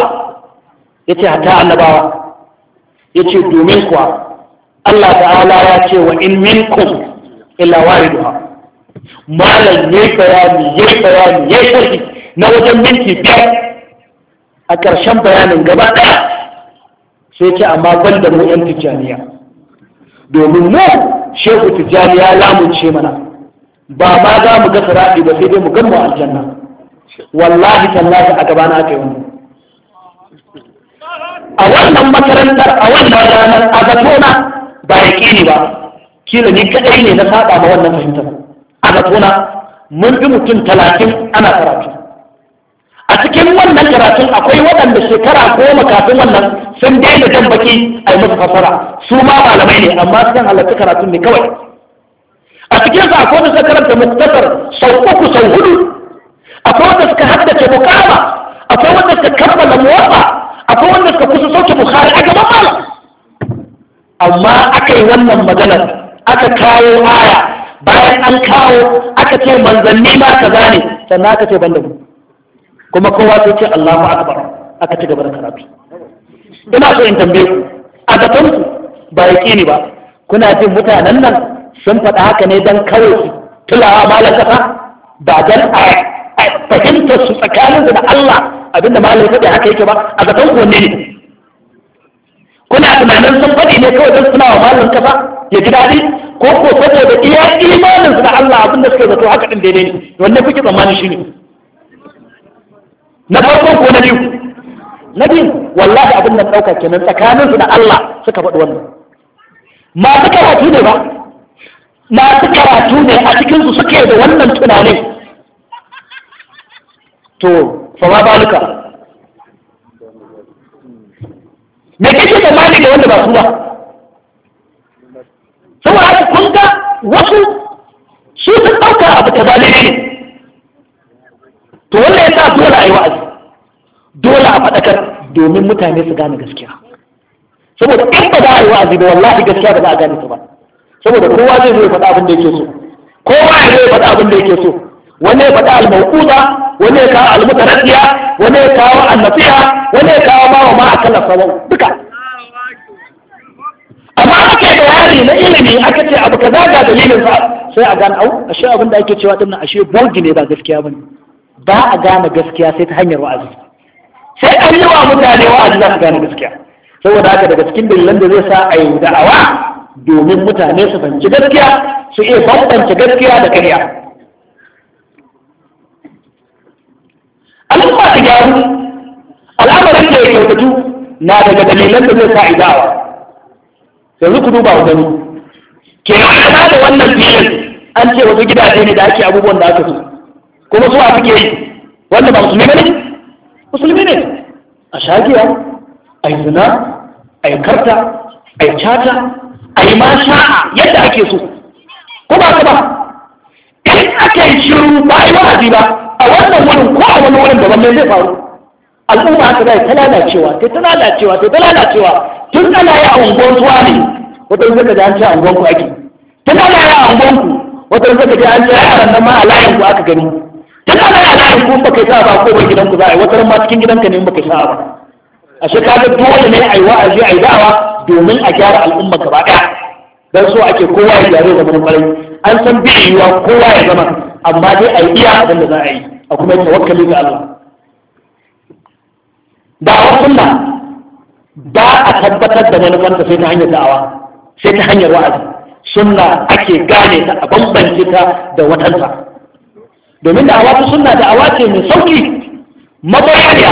ya ce hata annabawa ya ce domin kuwa Allah ta'ala ya ce wa in minkum illa wariduha malam yayi bayani yayi bayani yayi sharhi na wajen minti biyar a ƙarshen bayanin gaba ɗaya sai ce amma ban da mu yan tijjaniya domin mu shehu tijjaniya lamunce mana ba ma za mu ga sirati ba sai dai mu gama aljanna wallahi tallafi a gabana aka yi a wannan makarantar a wannan ranar a zatona ba yaƙini ba kila ni kaɗai ne na saɗa ma wannan fahimtar a zatona mun fi mutum talatin ana karatu a cikin wannan karatun akwai waɗanda shekara goma kafin wannan sun daina jan baki a yi masa fasara su ma malamai ne amma sun halarci karatun ne kawai a cikin sa akwai wanda suka karanta muktasar sau uku sau hudu akwai wanda suka haddace mukama akwai wanda suka kammala muwafa akwai wanda suka kusa sauke bukhari a gaban malam amma aka yi wannan maganar aka kawo aya bayan an kawo aka ce manzanni ma kaza ne sannan aka ce ban da mu kuma kowa sai ce Allahu akbar aka ci gaba da karatu ina so in tambaye ku a gaban ku ba kini ba kuna jin mutanen nan sun faɗa haka ne dan kawai su? tulawa malam kasa ba dan a fahimtar su tsakanin da Allah abinda malam faɗi haka yake ba a gaban ku ne kuna tunanin sun faɗi ne kawai don suna wa malam kasa ya ji daɗi ko ko saboda iya imanin su da Allah abinda suke zato haka din daidai ne wannan kuke tsammani shi ne na farko ko na biyu na biyu wallahi abin da ɗauka kenan tsakaninsu da Allah suka faɗi wannan masu karatu ne ba masu karatu ne a cikinsu suke da wannan tunanin to fa ma baluka me kake tsammani da wanda ba su ba saboda kun ga wasu su sun ɗauka abu ta zalimi to wannan sa dole a yi wa'azi dole a faɗakar domin mutane su gane gaskiya saboda in ba za a yi wa'azi ba wallahi gaskiya ba za a gane ta ba saboda kowa zai zo ya faɗa abin da yake so kowa ya zo ya faɗa abin da yake so wani ya faɗa al-mawquda wani ya kawo al-mutaraddiya wani ya kawo al nasiha wani ya kawo ma wa ma akalla sabon duka amma ake bayani na ilimi aka ce abu kaza ga dalilin sa sai a gane au ashe abin da ake cewa dinnan ashe bogi ne ba gaskiya bane ba a gane gaskiya sai ta hanyar wa'azi sai an yi wa mutane wa'azi za su gane gaskiya saboda haka daga cikin dalilan da zai sa a yi da'awa domin mutane su fahimci gaskiya su iya bambance gaskiya da ƙarya al'umma ta gyaru al'amarin da ya kyautatu na daga dalilan da zai sa a yi da'awa yanzu ku duba gani ke ma'ana da wannan filin an ce wasu gidaje ne da ake abubuwan da aka so kuma zuwa suke yi wanda ba musulmi ne musulmi ne a shagiya a yi zina a yi karta a yi cata a yi masha yadda ake so ko ba ka ba in aka yi shiru ba a yi wa'azi ba a wannan wurin ko a wani wurin daban ne zai faru al'umma ta zai ta lalacewa ta ta lalacewa ta ta lalacewa tun ana yi a unguwar tuwa ne wata yi zaka da an ce a unguwar ku ake tun ana yi a unguwar ku wata yi zaka da an ce a yaran nan ma a layin ku aka gani duk ana yana yi kun baka sa ba ko bai gidanku za a yi wata ma cikin gidanka ne baka sa ba a shekara dole ne a yi wa'azi a yi da'awa domin a gyara al'umma gaba ɗaya dan so ake kowa ya gyara zaman kwarai an san bi yiwa kowa ya zama amma dai a yi iya abin da za a yi a kuma yi tawakkali ga Allah da'awar sunna ba a tabbatar da manufanta sai ta hanyar da'awa sai ta hanyar wa'azi sunna ake gane ta a bambance ta da watanta domin da awa suna da awa ce mai sauki mabayaniya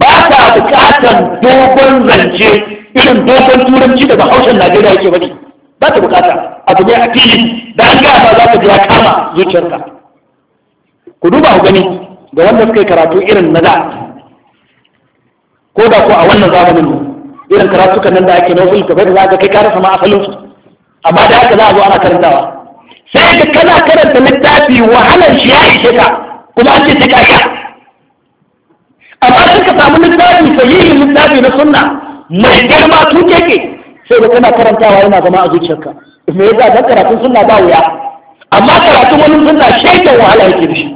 ba ta bukatar dogon zance irin dogon turanci da bahaushen najeriya yake wani ba ta bukata a dubai a fili da an gaba za ta ji kama zuciyarka ku duba ku gani ga wanda suka yi karatu irin na da ko da ko a wannan zamanin mu irin kan nan da ake na ka bai da za ka kai ka rasa ma asalin su amma da haka za a zo ana karantawa sai ka kana karanta littafi wahalar shi ya ishe ka kuma an ce sai ka sha amma sai ka samu littafi sahihin littafi na sunna mai girma tuke ke sai da kana karantawa yana zama a zuciyarka me yasa dan karatun sunna ba wuya amma karatun wani sunna shaitan wahala yake da shi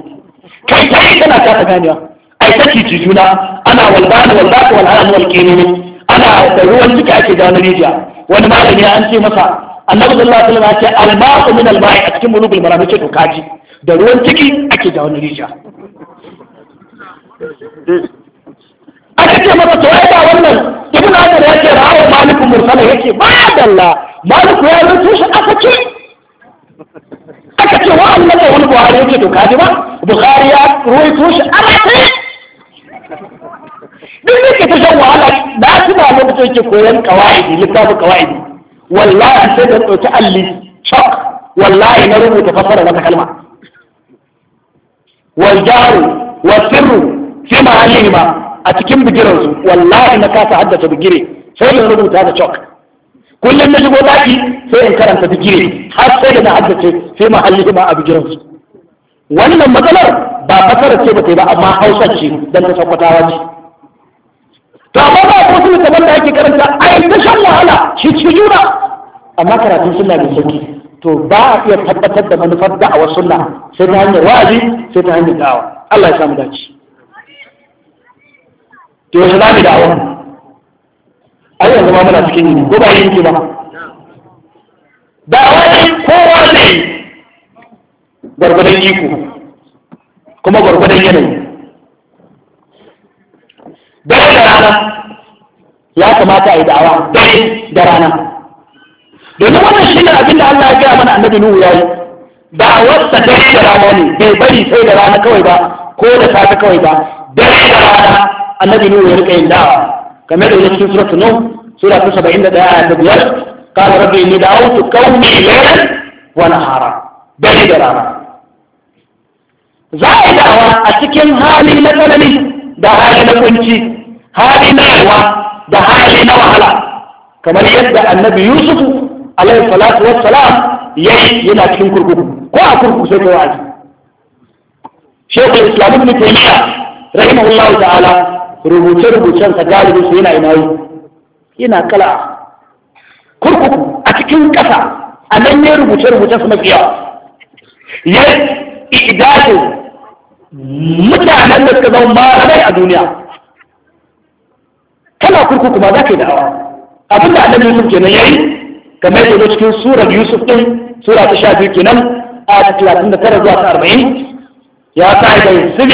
kai kai kana kasa ganewa ai ta ci juna ana walbani walbaka walharam walkinu ana da ruwan duka ake gano rijiya wani malami an ce masa annabi sallallahu alaihi wasallam ya ce al-ma'u min al-ma'i a cikin mulubul maram yace to kaji da ruwan ciki ake da wani rija aka ce masa to ai ba wannan ibnu hajar ya ce rawu malikun mursala yace ba dalla maliku ya rubuta shi aka ce aka ce wa annaka wani buhari yace to kaji ba bukhari ya ruwaito shi aka ce duk yake ta shan wahala na tuna lokacin yake koyon kawai littafin kawai wallahi sai da ɗauki alli cok wallahi na rubuta fasara wata kalma wal jaru wa sirru fi ma'alihima a cikin bigiransu wallahi na kasa haddace bigire sai da rubuta da cok kullum na shigo daki sai in karanta bigire har sai da na haddace fi ma'alihima a bigiransu wannan matsalar ba fasara ce ba ta yi ba amma hausa ce don ta sakwatawa ce to amma ba ko su kamar da ake karanta ai ta shan wahala shi ci juna amma karatun sunna ne sauki to ba a iya tabbatar da manufar da'awar sunna sai ta hanyar wa'azi sai ta hanyar da'awa Allah ya samu dace to yanzu za mu da'awa ai yanzu ma muna cikin yini ko ba yin ba da'awa ne kowa ne gwargwadon iko kuma gwargwadon yanayi dare da rana ya kamata a yi da'awa dare da rana domin wannan shi ne abin da Allah ya gaya mana annabi Nuhu ya yi da'awarsa dare da rana ne bai bari sai da rana kawai ba ko da safe kawai ba dare da rana annabi Nuhu ya rika yin da'awa kamar da cikin suratul Nuh sura ta 71 ayat ta biyar qala rabbi inni da'awtu qaumi laylan wa nahara dare da rana za a yi da'awa a cikin hali na tsanani da hali na kunci hali na rayuwa da hali na wahala kamar yadda annabi yusuf alaihi salatu wassalam yayi yana cikin kurkuku ko a kurkuku sai kai wa'azi shekul islam ibn taymiya rahimahullahu ta'ala rubuce rubucen sa galibi su yana ina yi yana kala kurkuku a cikin kasa a nan ne rubuce rubucen su mafiya yayi idatu mutanen da suka zama malamai a duniya kana kurkuku ma za ka yi da'awa abin da annabi yusuf kenan yayi kamar yadda cikin surar yusuf din sura ta sha biyu kenan a talatin da tara zuwa ta arba'in ya sa da yusufin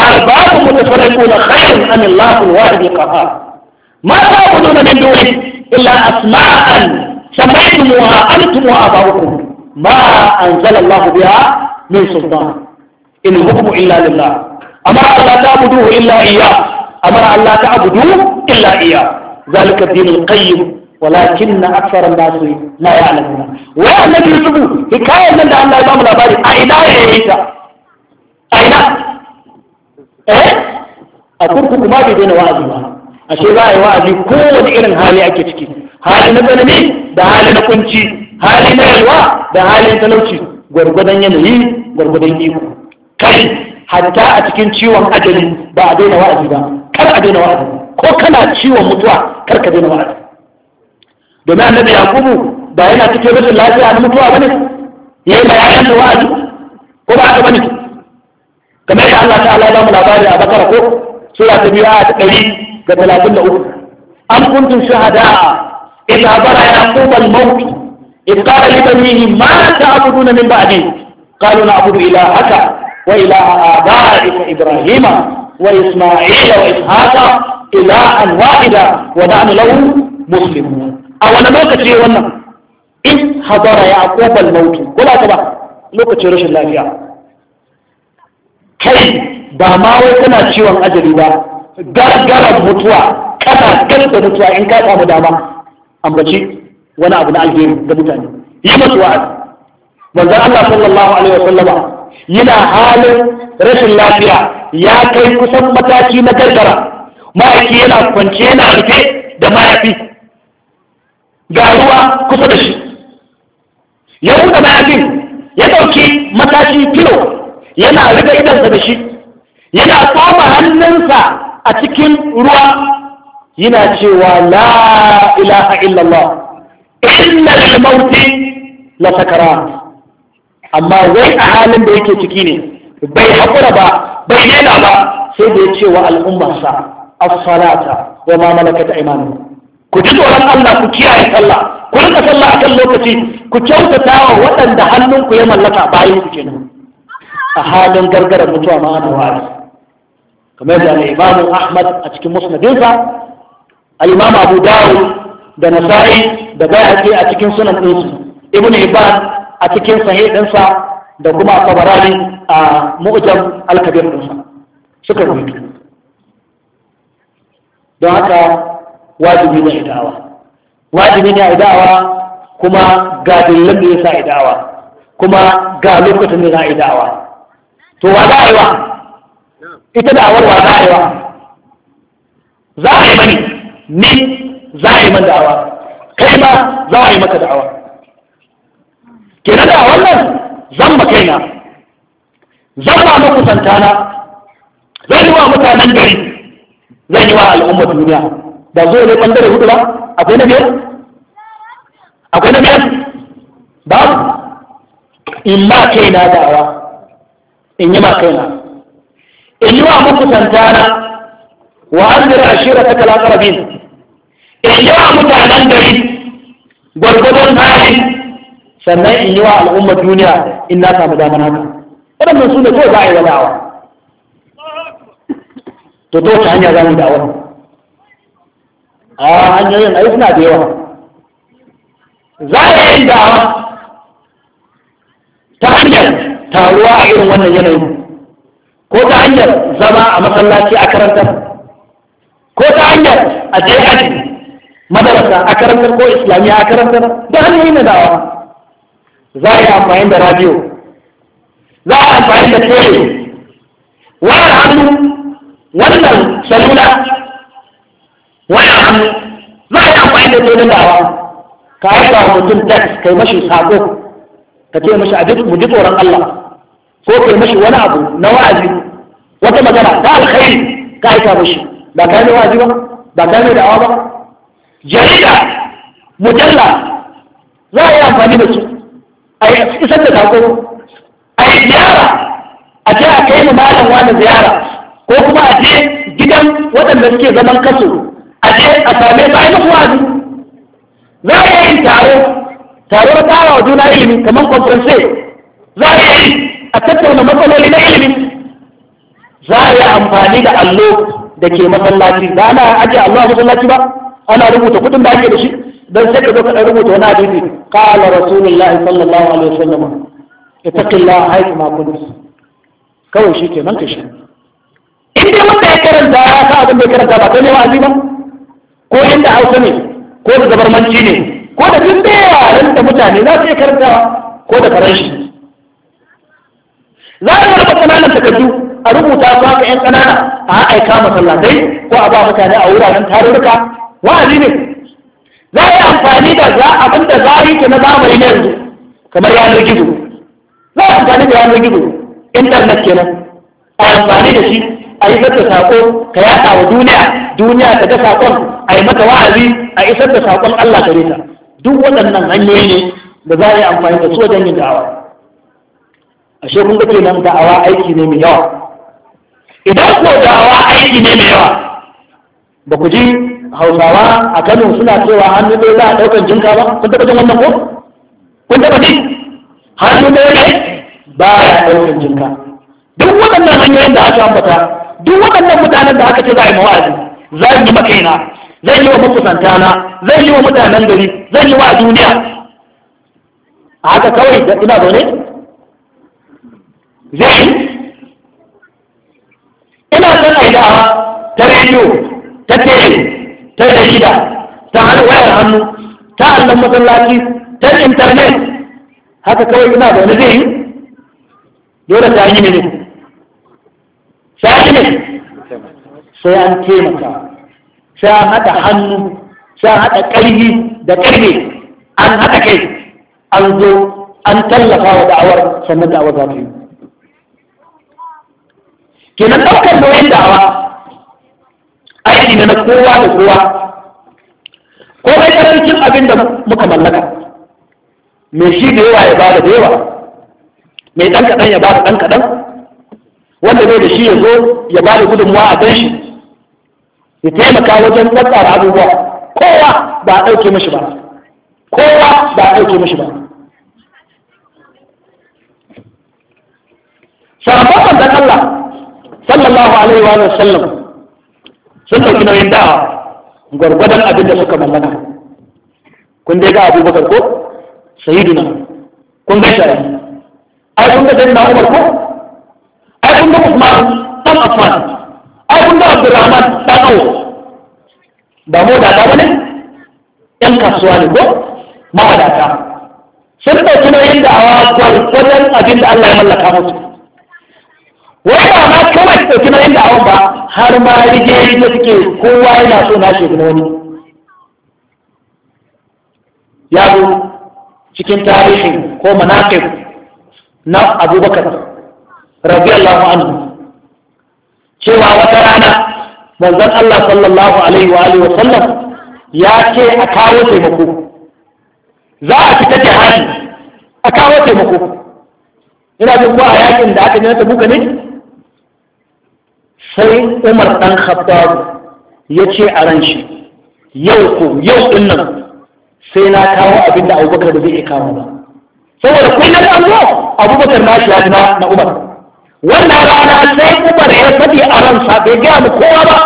arba'u mutafarriquna khayrun am allah al-wahid al-qahhar ma ta'buduna min duni illa asma'an mu سمعتموها أنتم وآباؤكم ما أنزل الله بها من سلطان إن الحكم إلا لله أمر ألا تعبدوه illa إياه amara Allah ta abudu illa iya zalika dinul qayyim walakin na aksaran nasu la ya'lamuna wa annabi yusuf nan da Allah ya bamu labari a ina ya yi ta a ina eh a kurkuku ma daina wa'azi ba ashe za a yi wa'azi kowane irin hali ake ciki hali na tsanani da hali na kunci hali na yalwa da halin talauci gwargwadon yanayi gwargwadon iko kai hatta a cikin ciwon ajali ba a daina wa'azi ba kada a daina wa'azi ko kana ciwon mutuwa kar ka daina wa'azi domin annabi yakubu ba yana cikin rashin lafiya na mutuwa bane yayi ma yayan da wa'azi ko ba haka bane kamar yadda Allah ta'ala ya mu labari a bakara ko sura ta biyu a ta 100 ga 33 an uku shahada kuntum bara إذا برأ يعقوب الموت إذ قال لبنيه ma تعبدون min ba'di qalu na'budu إلهك وإلى آبائك إبراهيم وإسماعيل وإسحاق إلى أن واحدا ونحن له مسلمون أو أنا لو كتير ونا إن حضر يعقوب الموت ولا كبا لو كتير رشد الله فيها كي داما وكنا شيوان أجري با غرغر مطوى كتا كتا مطوى إن كتا مداما أم بشي ونا أبنى الجيم دبتاني يمت واحد وزر صلى الله عليه وسلم yana halin rashin lafiya ya kai kusan mataki na gargara ma'aiki yana kwance yana rufe da mayafi ga ruwa kusa da shi ya buɗe mayafin ya ɗauki mataki filo yana riga idansa da shi yana tsoma hannunsa a cikin ruwa yana cewa la ilaha illallah inna lil mauti la sakarar amma wai a halin da yake ciki ne bai haƙura ba bai yana ba sai da ya ce wa al'ummarsa as-salata wa ma malakat aymanu ku ji tsoron Allah ku kiyaye sallah ku rika sallah a kan lokaci ku kyautata wa waɗanda hannunku ya mallaka bayan ku kenan a halin gargara mutuwa ma ana wari kamar da al Ahmad a cikin musnadinsa al-Imam Abu Dawud da Nasa'i da Bayhaqi a cikin sunan ɗinsu Ibn Hibban a cikin sahih ɗinsa da kuma tabarani a mu'jam al-kabir ɗinsa suka rubuta don haka wajibi ne idawa wajibi ne idawa kuma ga dillan da yasa idawa kuma ga lokacin da za idawa to wa za a yi wa ita da awar wa za a yi wa za a yi mani ni za a yi man da'awa kai ma za a yi maka da'awa ke da wannan zan ba kaina zan ba makusanta na zan yi wa mutanen gari zan yi wa al'umma duniya ba zo ne ɓangare hudu ba akwai na biyar akwai na biyar ba in ma kaina dawa in yi ma kaina in yi wa makusanta na wa an zira ashira ta kalakarabin in yi wa mutanen gari gwargwadon hali sannan in yi wa al'ummar duniya in na samu damar haka waɗannan su ne kawai za a yi wa awa to ta wata hanya za mu da'awa a hanyoyin ayi suna da yawa za a yi awa ta hanyar taruwa a irin wannan yanayin, ko ta hanyar zama a masallaci a karantar ko ta hanyar a je aji madarasa a karantar ko islamiyya a karantar da hanyoyin na dawa. za a yi amfani da radio za a amfani da tele wani hannu wannan salula wani hannu za a yi amfani da tele dawa ka aika mutum tax kai mashi sako ka ce mashi a duk ji tsoron Allah ko kai mashi wani abu na wa'azi wata magana ta alkhairi ka aika mashi ba ka yi wa'azi ba ba ka yi da'awa ba jarida mujalla za a yi amfani da su a isar da sako a yi ziyara a je a kai mu malam wani ziyara ko kuma a je gidan waɗanda suke zaman kaso a je a same su a yi za a yi taro taro na tsara wa juna ilimi kamar conference za a yi a tattauna matsaloli na ilimi za a yi amfani da allo da ke masallaci ba na ajiye allo a masallaci ba ana rubuta kuɗin da ake da shi dan sai ka zo ka rubuta wani hadisi qala rasulullahi sallallahu alaihi wasallam ittaqillaha haythu ma kunt kawai shi nan ka shi inda wanda ya karanta ya sa abin da ya karanta ba sai ne wa'azi ba ko inda hausa ne ko da zabarmanci ne ko da duk da yaran da mutane za su iya karanta ko da faranshi za a rubuta kananan takardu a rubuta su haka yan kanana a aika masallatai ko a ba mutane a wuraren tarurruka wa'azi ne za a yi amfani da abin da za yi na zamani na yanzu kamar yanar gizo za a amfani da yanar gizo internet kenan a amfani da shi a yi zata sako ka ya wa duniya duniya ta ga sakon a yi mata wa'azi a isar da sakon Allah gare ta duk waɗannan hanyoyi ne da za a yi amfani da su wajen yin da'awa ashe kun ga kenan da'awa aiki ne mai yawa idan ko da'awa aiki ne mai yawa ba ku ji hausawa a kano suna cewa hannu ɗaya za a ɗaukan jinka ba kun taɓa jin wannan ko kun taɓa ji hannu ɗaya ne ba a ɗaukan jinka duk waɗannan hanyoyin da aka ambata duk waɗannan mutanen da aka ce za a yi mawa'azi za a yi makaina zai yi wa makusantana zai yi wa mutanen gari zai yi wa duniya a haka kawai da ina zaune zai ina son aidawa ta rediyo ta tele ta da shida ta wayar hannu ta allon masallaci ta intanet haka kawai ina da wani zai yi dole ta yi ne sha yi ne sai an taimaka sai an haɗa hannu sai an haɗa ƙarfi da ƙarfe an haɗa kai an zo an tallafa wa da'awar sannan da'awar za ta yi kenan ɗaukar wani da'awa haƙƙi ne na kowa da kowa ko komai karancin abin da muka mallaka me shi da yawa ya bada da yawa mai dan kadan ya bada dan kadan, wanda bai da shi ya zo ya bada gudunmawa a kan shi ya taimaka wajen tsatsara abubuwa kowa ba a dauke mishi ba kowa ba a dauke mashi ba sahabban dan Allah sallallahu alaihi wa sallam sun ɗauki nauyin da, gwargwadon abin da suka mallaka kun dai ga abubakar ko sayiduna kun ga shari'a a kun ga sayyidina na'umar ko ai kun ga usman dan affan ai kun ga abdurrahman dan awo ba mu da ba ne yan kasuwa ne ko mawadata sun ɗauki nauyin da da'awa gwargwadon abin da Allah ya mallaka musu wai ba ma kawai ɗauki nauyin da'awan ba har ma rige rige suke kowa yana so na shi wani ya zo cikin tarihin ko manakin na abubakar radiyallahu anhu cewa wata rana manzon Allah sallallahu alaihi wa alihi wa sallam ya ce a kawo taimako za a fita jihadi a kawo taimako ina jin ko a yakin da aka yi na tabuka ne sai umar ɗan khattab ya ce a ran shi yau ko yau ɗin nan sai na kawo abin da abubakar da zai iya kawo ba saboda kullum an zo abubakar na shi na umar wannan rana sai umar ya faɗi a ransa bai gaya mu kowa ba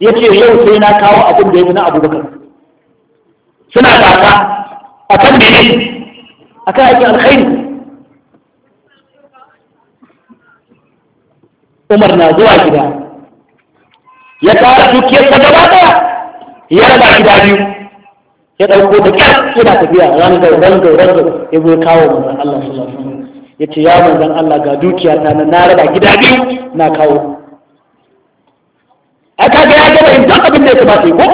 ya ce yau sai na kawo abin da ya fi na abubakar suna gasa a kan mene a kan aikin alkhairi umar na zuwa gida ya tara sa gaba daya ya raba gida biyu ya ɗauko da kyar yana tafiya ranar ran gauran ya zo kawo manzon Allah sallallahu alaihi wasallam ya ce ya manzon Allah ga dukiya ta na raba gida biyu na kawo a ga ya ga in duk abin da ya kamata ko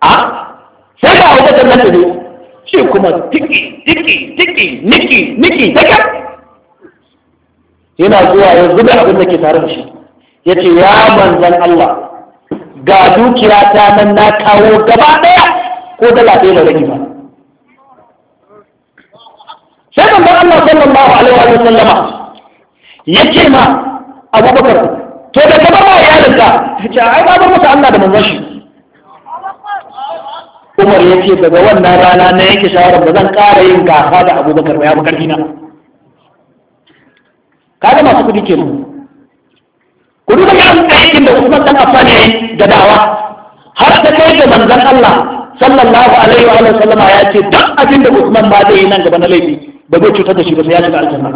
a sai ga wata nan da ne shi kuma tiki tiki tiki niki niki daga yana zuwa ya zuba abin da ke tare da shi ya ce ya manzan Allah ga dukiya ta nan na kawo gaba ɗaya ko dala ɗaya da rage ba sai manzan Allah sallan ba wa sallama ya ce ma abubakar to da gaba ma ya rinka ya ce ai ba masa Allah da manzan shi Umar ya ce daga wannan rana na yake shawarar ba zan ƙara yin gafa da abubakar ba ya bi ƙarfi na kaga masu kuɗi ke ku duba yawan aikin da Usman dan Affan ya da dawa har ta kai da manzon Allah sallallahu alaihi wa sallama ya ce duk abin da Usman ba zai yi nan gaba na laifi ba zai cutar da shi ba sai ya shiga aljanna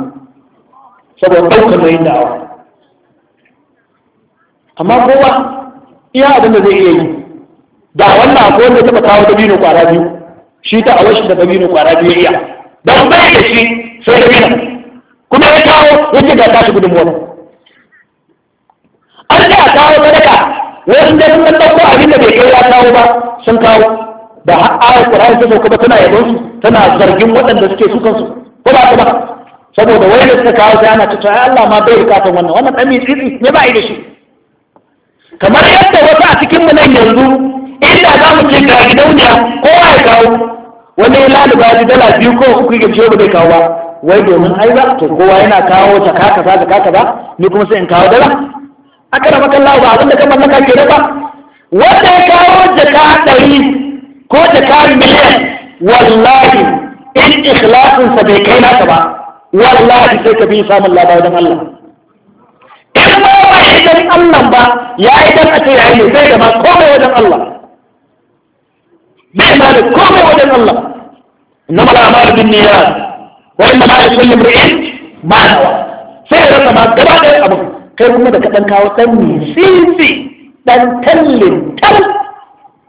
saboda ɗaukar nauyin da'awa amma kowa iya abin da zai iya yi da wannan ko wanda taɓa kawo dabino kwara biyu shi ta a washi da dabino kwara biyu iya ba bai da shi sai da dabino kuma ya kawo yake da ga tashi gudun wani an da kawo sadaka wasu da sun ɗauko abin da bai kai ya kawo ba sun kawo da har ƙur'ani ta sauka ba tana yabon su tana zargin waɗanda suke su kansu ko ba ka ba saboda wai da suka kawo sai ana cewa Allah ma bai bukatar wannan wannan ɗan tsitsi, ne ba yi da shi kamar yadda wasu a cikin mu nan yanzu inda za mu ce ga gidauniya ko ya kawo wani ya laluba dala biyu ko uku ya ce ba bai kawo ba wai domin aiza to kowa yana kawo ta kaka za ta kaka ba ni kuma sai in kawo dala aka maka Allah ba abinda kan mallaka ke da ba wanda ya kawo jaka dari ko jaka miliyan wallahi in sa bai kai naka ba wallahi sai ka bi samun labarin Allah in ma ba ya yi Allah ba ya yi dan a ce ya yi sai da ma komai wajen Allah bai ma da komai wajen Allah na malamar bin niyar wanda ma da kullum ma nawa sai ya rasa ma gaba ɗaya abu kai kuma da ɗan kawo ɗan misisi ɗan tallin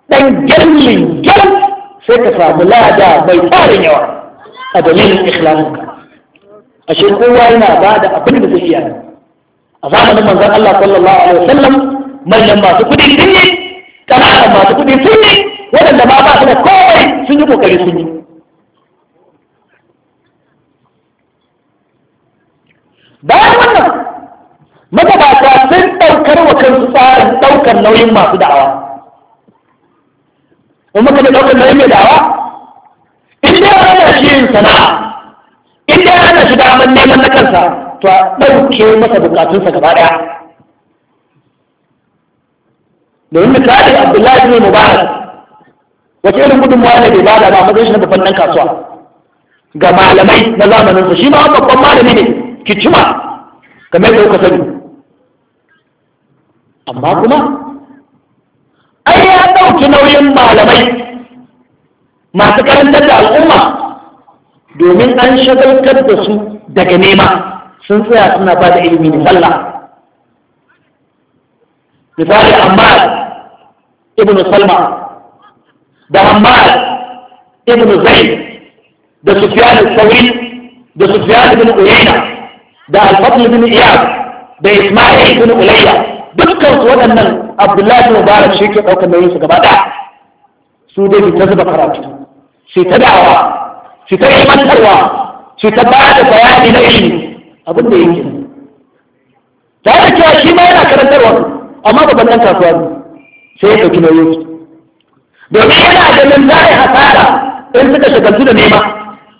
ɗan gyallin gyal sai ka samu lada mai tsarin yawa a dalilin ikhlasinka ashe kowa yana ba da abin da zai iya a zamanin manzon Allah sallallahu alaihi wasallam manyan masu kuɗi sun yi masu kuɗi sun yi waɗanda ba ba su da kowai sun yi kokari sun yi magabata sun ɗaukar wa kansu tsarin ɗaukar nauyin masu da'awa in muka da ɗaukar nauyin mai da'awa in dai ana shi yin sana'a in dai ana shi damar neman na kansa to a ɗauke masa bukatunsa gaba ɗaya domin misali abdullahi ne mubarak wace irin gudunmawa ne bai bada ba matsayin shi na babban ɗan kasuwa ga malamai na zamaninsa shi ma babban malami ne kicima kamar da kuka sani amma kuma ai ya ɗauki nauyin malamai masu karantar da al'umma domin an shagaltar da su daga nema sun tsaya suna ba da ilimi da sallah misali amma ibn salma da amma ibn zaid da sufyan sauri da sufyan ibn uyayna da al-fadl ibn iyad da isma'il ibn ulayya dukkan su waɗannan abdullahi mubarak shi ke ɗaukar nauyin su gaba ɗaya su dai su ta zuba karatu su ta dawa, su ta ilmantarwa su ta ba da bayani na ilimi abin da yake Ta da cewa shi ma yana karantarwa amma babban ɗan kasuwa ne sai ya ɗauki nauyin su domin yana ganin za a hasara in suka shagaltu da nema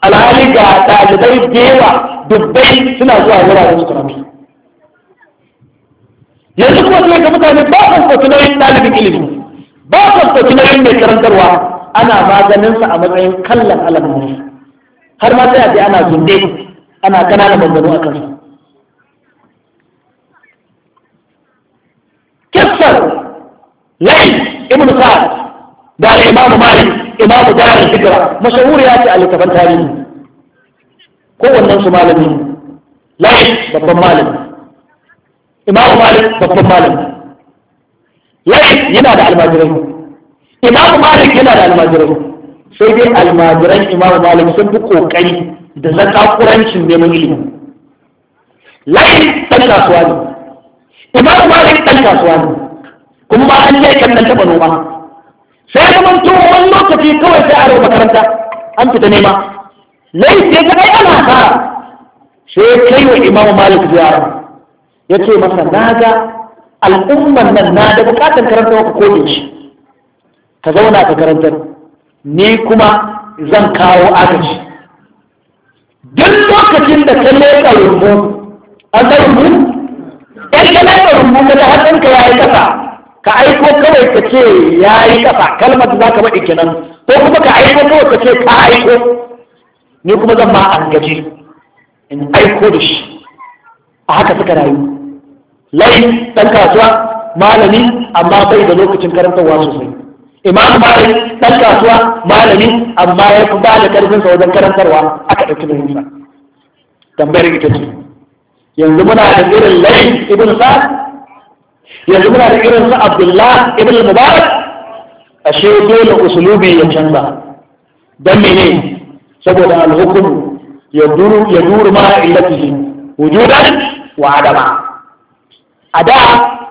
alhali ga ɗalibai da yawa dubbai suna zuwa wuraren su karatu yanzu kuma sai ga mutane ba san sauki nauyin ɗalibin ilimi ba san sauki nauyin mai karantarwa ana maganinsa a matsayin kallon alamun har ma sai a je ana zunde ana kananan bangaro a kansu kissar lai ibn sa'ad da al-imam malik imam dar al-hijra mashahuriya ce a littafin tarihi kowannen su malami lai babban malami Imamu malik babban malami lai yana da almajirai imamu malik yana da almajirai sai dai almajiran imamu malik sun fi kokari da zakakurancin neman ilimi lai ɗan kasuwa ne Imamu malik ɗan kasuwa ne kuma ba an yi kan nan noma sai kuma to wani lokaci kawai sai a makaranta an fita nema lai sai ga ai ana ka sai kai wa imamu malik ziyara ya ce masa na ga al'umman nan na da bukatar karanta maka ko shi ka zauna ka karanta, ni kuma zan kawo agaji duk lokacin da ka leƙa rumbu an ga ɗan ka leƙa rumbu ka ta hannunka ya yi ƙasa ka aiko kawai ka ce ya yi ƙasa kalmar za ka baɗi kenan ko kuma ka aiko kawai ka ce ka aiko ni kuma zan ma an gaji in aiko da shi a haka suka rayu lai ɗan kasuwa malami amma bai da lokacin karantarwa sosai imam malik ɗan kasuwa malami amma ya fi ba da karfinsa wajen karantarwa aka ɗauki nauyinsa tambayar ita ce yanzu muna da irin lai ibn sa? yanzu muna da irin sa abdullah ibn mubarak ashe dole usulubi ya canza dan mene saboda alhukum ya duru ya duru ma illatihi wujudan wa adama a da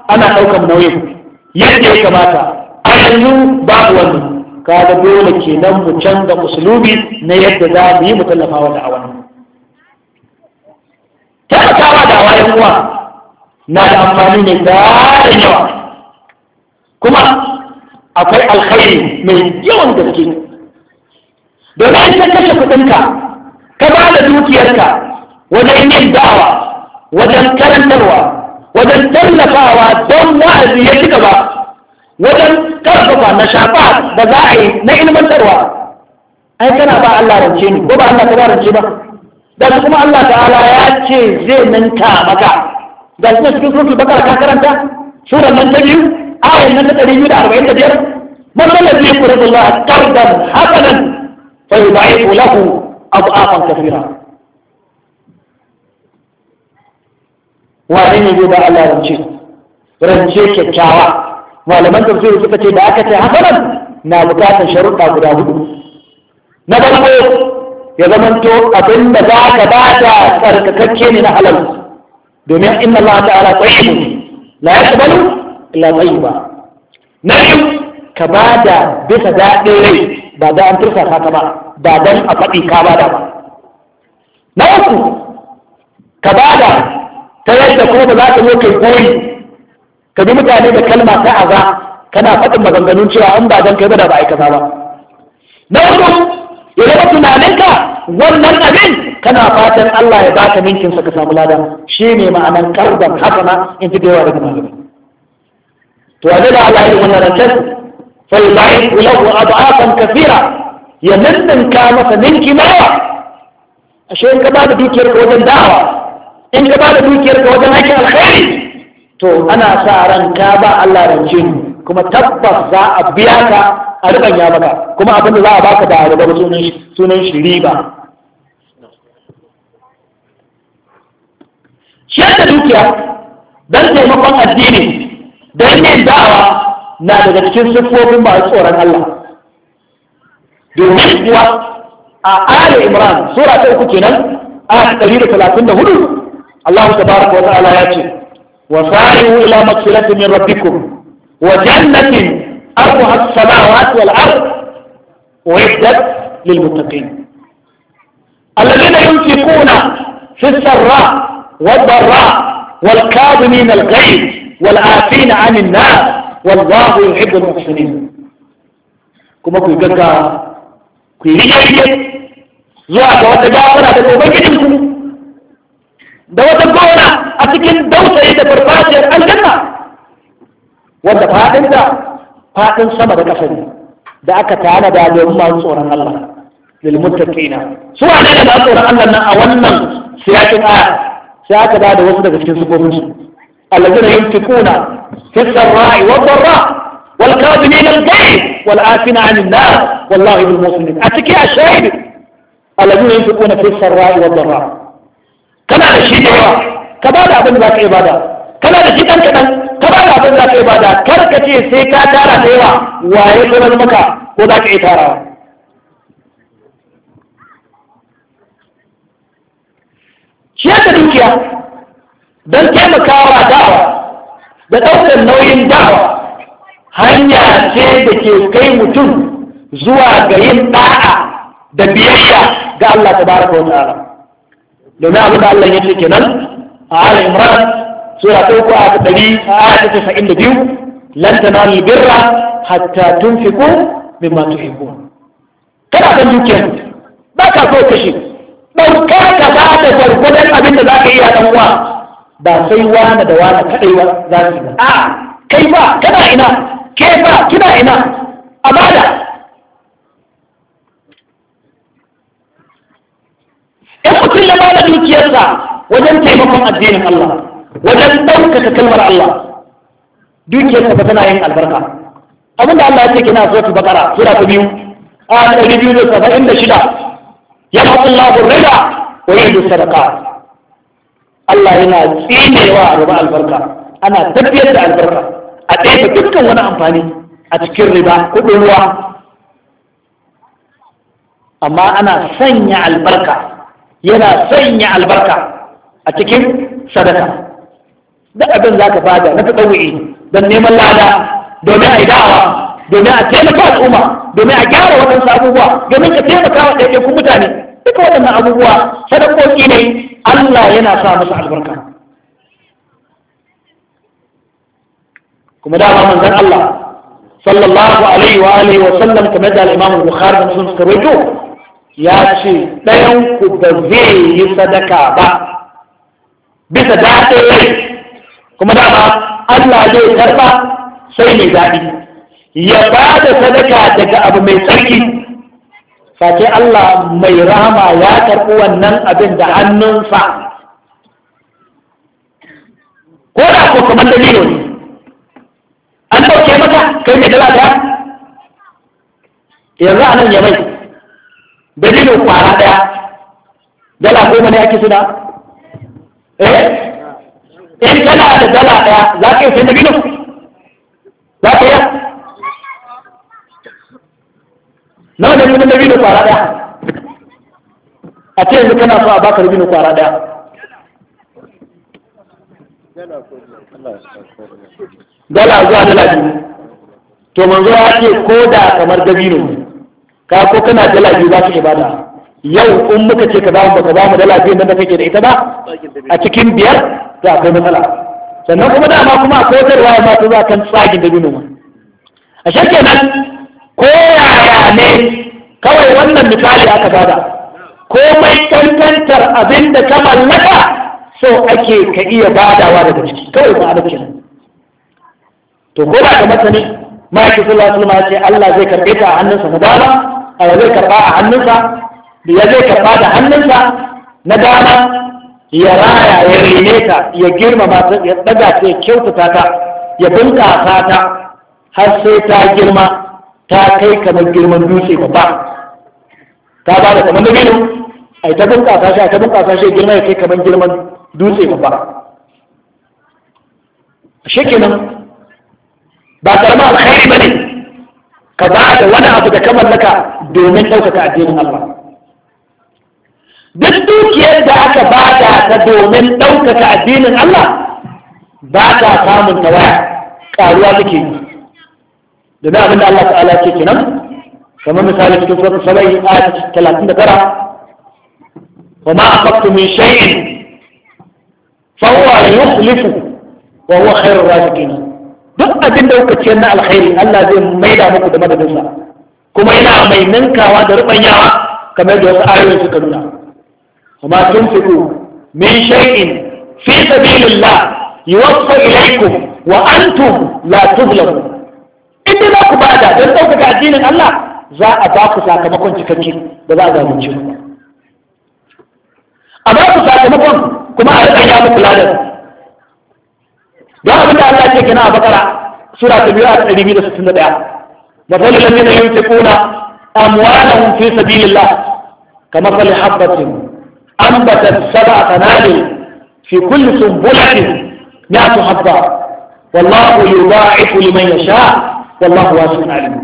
ana ɗaukar nauyin yadda ya kamata a yanzu babu wannan kaga dole kenan mu canza usulubi na yadda za mu yi mu tallafa wa da'awa tallafawa da'awa yan uwa na da amfani ne da yawa kuma akwai alkhairi mai yawan gaske domin an ta kashe kuɗinka ka ba da dukiyarka wajen yin da'awa wajen karantarwa wajen tallafawa don wa'azi ya ci gaba wajen karfafa na shafa da za a yi na ilmantarwa ai kana ba Allah rance ni ko ba Allah ta rance ba da su kuma Allah ta'ala ya ce zai ninka maka da su cikin sufi bakar ka karanta sura nan ta biyu ayan nan ta ɗari biyu da arba'in da biyar man zai yi kurabullah kardan hasanan fa yudaifu lahu abu'afan kafira wane ne zai ba Allah rance rance kyakkyawa malaman tafsiri suka ce da aka ce hasanan na bukatar sharuɗa guda hudu na farko ya zamanto abin da za ka ba da tsarkakakke ne na halal domin inna Allah ta'ala tsayibu la yaqbalu illa tayyiba na biyu ka ba da bisa daɗin rai ba da an tursa ka ba ba dan a faɗi ka ba da ba na uku ka ba da ta yadda kuma ba za ka zo kai koyi ka bi mutane da kalma ta aza kana faɗin maganganun cewa an ba dan kai ba da ba aikata ba na uku ya zama tunaninka wannan abin kana fatan Allah ya baka minkin sa ka samu ladan shi ne ma'anar karban haka ma in ji da yawa daga malamai to a da Allah ya wannan rancen fa yubayyinu lahu ad'afan kathira ya ninninka masa ninki nawa ashe in ka ba da dukiyar ka wajen da'awa in ka bada dukiyar ka wajen aikin alkhairi to ana sa ran ka ba Allah rance mu kuma tabbas za a biya ka a rubanya maka kuma abin da za a baka da rubar sunan sunan shi riba da dukiya don taimakon addini don yin da'awa na daga cikin siffofin masu tsoron Allah domin kuwa a Ali Imran sura ta uku kenan a 134 Allah tabaraka wa ta'ala ya ce wa sa'ihu ila maghfirati min rabbikum wa jannatin arduha as-samawati wal ard uiddat lil muttaqin alladhina yunfiquna fi as-sarra wad-dharra wal kadhimin al-ghayz wal 'afina 'anil nas wallahu yuhibbu al-muhsinin kuma ku gaggawa ku yi zuwa ga wata gafara daga ubangijinku da wata gona a cikin dausayi da farfajiyar aljanna wanda faɗinta faɗin sama da ƙasa ne da aka tana da domin masu tsoron Allah lil muttaqina su wane ne masu tsoron Allah nan a wannan siyakin aya sai aka ba da wasu daga cikin sufofin su allazina yunfiquna fi sarra'i wa dharra wal kadhibina al-ghayb wal afina 'anil nas wallahu bil muhsinin a cikin ashayid allazina yunfiquna fi sarra'i wa dharra kana da shi da yawa ka ba da abin da za ka ibada kana da shi ɗan kaɗan ka ba da abin da za ka ibada kar ka ce sai ka tara da yawa waye sauran maka ko za ka iya tara. ciyar da dukiya don taimakawa da'awa da ɗaukar nauyin dawa hanya ce da ke kai mutum zuwa ga yin da'a da biyayya ga Allah ta baraka wa ta'ala domin abin da Allah ya ce kenan a ala imran sura ta uku a ɗari a ayata tasa'in da biyu lan tanalu birra hatta tunfiqu mimma tuhibbun kana son dukiyar ba ka so kashi ɗauka ka ba da gwargwadon abin da za ka yi a ɗan uwa ba sai wani da wani kaɗai ba za su yi ba a kai ba kana ina ke ba kina ina Amada. mutum ya bada dukiyarsa wajen taimakon addinin Allah wajen ɗaukaka kalmar Allah dukiyarsa ba tana yin albarka abin da Allah ya ce kina so su bakara sura ta biyu a ɗari biyu da saba'in da shida ya faɗi Allah wa yi sadaka Allah yana tsinewa a albarka ana tafiyar da albarka a ɗaya da dukkan wani amfani a cikin riba kuɗin ruwa amma ana sanya albarka yana sanya albarka a cikin sadaka da abin za ka bada na taɗauri don neman lada domin a yi dawa domin a taimaka al'umma domin a gyara waɗansu abubuwa domin ka taimaka wa ɗaiɗaikun mutane duka waɗannan abubuwa sadakoki ne Allah yana sa masu albarka kuma dama manzon Allah sallallahu alaihi wa alihi wa sallam kamar da al-Imam Bukhari da Muslim suka rawaito ya ce ɗayan ku ba zai yi sadaka ba bisa daɗe rai kuma dama Allah zai karɓa sai mai daɗi ya ba da sadaka daga abu mai tsarki sake Allah mai rama ya karɓi wannan abin da hannunsa ko da ku kamar da ne an ɗauke maka kai mai dala Ya za a nan ya mai dalilin kwara ɗaya dala goma ne ake suna eh in eh, kana da dala ɗaya za ka yi sai dalilin za ka yi nawa wajen yi dalilin kwara ɗaya a ce yanzu kana so a baka dalilin kwara ɗaya dala zuwa dala biyu to manzo ya ce ko da kamar dabino ka ko kana da lafiya za ka ibada yau in muka ce ka za mu baka ba mu da lafiya nan da kake da ita ba a cikin biyar to akwai matsala sannan kuma dama kuma a kotarwa ruwa ma ta za ka tsagin da binu a shakke nan ko yaya ne kawai wannan misali aka bada komai tantantar abin da ka mallaka so ake ka iya badawa daga ciki kawai ba a kenan to ko ba ka masani Maki sallallahu alaihi wasallam ce Allah zai karbe ta a hannunsa na dama a zai karba a hannunsa ya zai karba da hannunsa na dama ya raya ya rene ta ya girma, ta ya daga ta ya kyautata ta ya bunƙasa ta har sai ta girma ta kai kamar girman dutse babba ta ba da kamar dabino a ta bunƙasa shi a ta bunƙasa shi girma ya kai kamar girman dutse babba shekenan ba karama alkhairi bane ka ba da wani abu da ka mallaka domin ɗaukaka addinin Allah duk dukiyar da aka bada ta domin ɗaukaka addinin Allah ba ta samun tawaya ƙaruwa take yi domin abin da Allah ta'ala ke kenan kamar misali cikin surat sabai ayat 39 wa ma aqabtu min shay'in fa huwa yukhlifu wa huwa khairur raziqin duk abin da kuka ciyar na alkhairi Allah zai maida muku da madadinsa kuma yana mai ninkawa da rubanyawa kamar da wasu ayoyi suka nuna amma tun fiku min shay'in fi sabilillah yuwaffa ilaykum wa antum la tuzlamu idan za ku bada don ɗaukaka addinin Allah za a ba ku sakamakon cikakke da za a zalunce ku a ba ku sakamakon kuma a rika ya muku ladan don abin da Allah ke kina a bakara sura ta biyu a ɗari biyu da sittin da ɗaya da fali lamina yin tekuna amwalahum fi sabilillah kamar fali habbatin ambatat sab'a qanabil fi kulli sunbulatin mi'atu habba wallahu yudha'ifu liman yasha wallahu wasi'un alim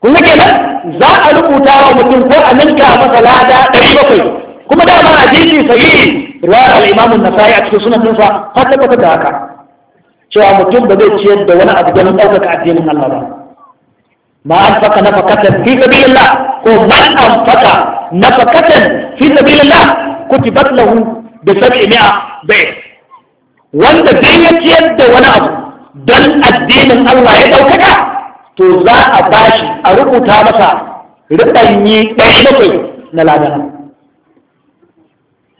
kun ga kenan za a rubuta wa mutum ko a ninka masa lada ɗari bakwai kuma dama a jirgin sahihi riwayar al'imamun na sa'i a cikin sunan dinsa har tabbata da haka cewa mutum ba zai ciyar da wani abu don ɗaukaka addinin Allah ba ma an faka fakatan fi sabilillah ko ma an faka fakatan fi sabilillah kutibat lahu bi sab'i mi'a bai wanda zai ya ciyar da wani abu don addinin Allah ya ɗaukaka to za a bashi a rubuta masa riɓanyi ɗaya bakwai na ladana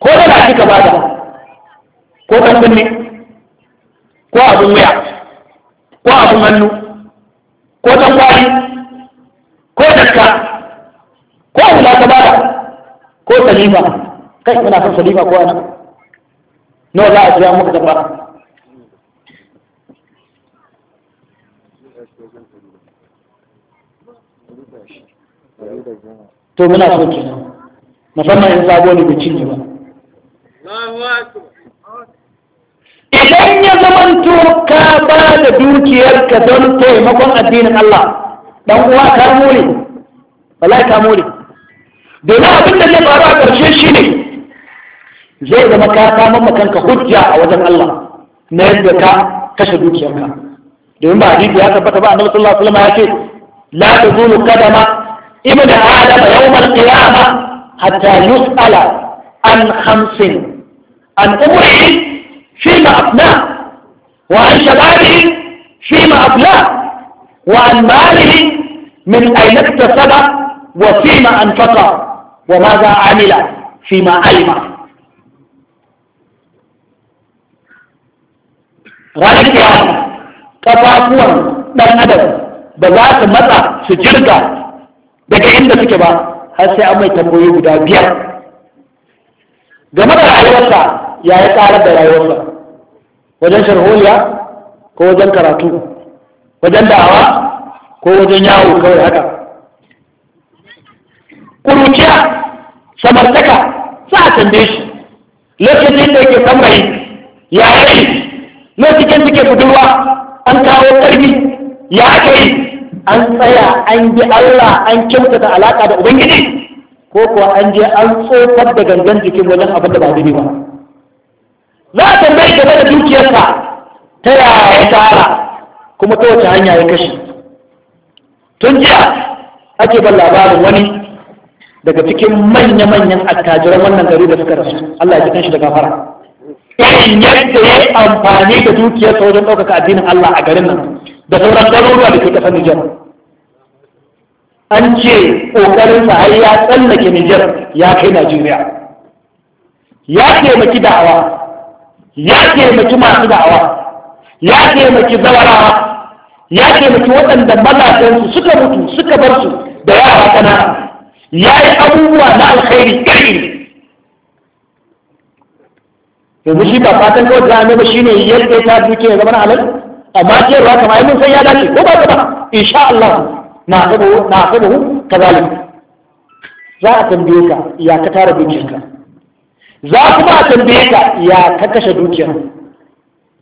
ko da na kika bada ko kan kunne ko abin wuya ko abin hannu ko dan kwali ko dakka ko hula ta bada ko Salima. kai muna son Salima ko ana nawa za a amma muka dabba to muna so kenan musamman in sabo ne bikin ne idan ya zamanto ka ba da dukiyarka don taimakon addinin Allah dan uwa ka more wallahi ka more domin abin da zai faru a ƙarshe shine zai zama ka samu makanka hujja a wajen Allah na yadda ka kashe dukiyarka domin ba hadisi ya tabbata ba annabi sallallahu alaihi wasallam ya ce la tazulu kadama ibnu adam yawm al-qiyamah hatta yus'ala an khamsin أ ن فيما أ ب ن شبابه فيما أ ب ن ماله من أين اكتسب وفيما أنفق وماذا عمل فيما علم رايك يا عم تفاقوا ادب بذات المتعه سجلت لك عندك كبار هل سيعمل تمويل ب د game da rayuwarsa ya yi tsarar da rayuwarsa wajen sharholiya ko wajen karatu wajen da'awa ko wajen yawo kawai haka kuruciya samartaka sa a tambaye shi lokacin da yake samari ya yi lokacin ke budurwa an kawo ƙarfi ya ake yi an tsaya an bi Allah an da alaƙa da Ubangiji ko kuwa an je an tsofar da gangan jikin wajen abin da ba daidai ba za a tambayi game da dukiyarsa ta yaya ya tara kuma ta wace hanya ya kashe tun jiya ake ban labarin wani daga cikin manya-manyan attajiran wannan gari da suka rasu Allah ya ji shi da kafara. irin yadda ya yi amfani da dukiyarsa wajen ɗaukaka addinin Allah a garin nan da sauran garuruwa da ke ƙasar Nijar an ce sa har ya tsallake Nijar ya kai Najeriya. Ya taimaki da'awa, ya taimaki masu da'awa, ya taimaki zawarawa, ya taimaki waɗanda mazajensu suka mutu suka bar su da yara ƙanana. Ya yi abubuwa na alkhairi ƙari. Yanzu shi ba fatan kawai za a nema shi ne yadda ya ta duke ya zama na halal, amma ce ruwa kamar mun sai ya dace ko ba ba, insha Allah na asabahu kazalik za a tambaye ka ya ka tara dukiyarka za kuma a tambaye ka ya ka kashe dukiyar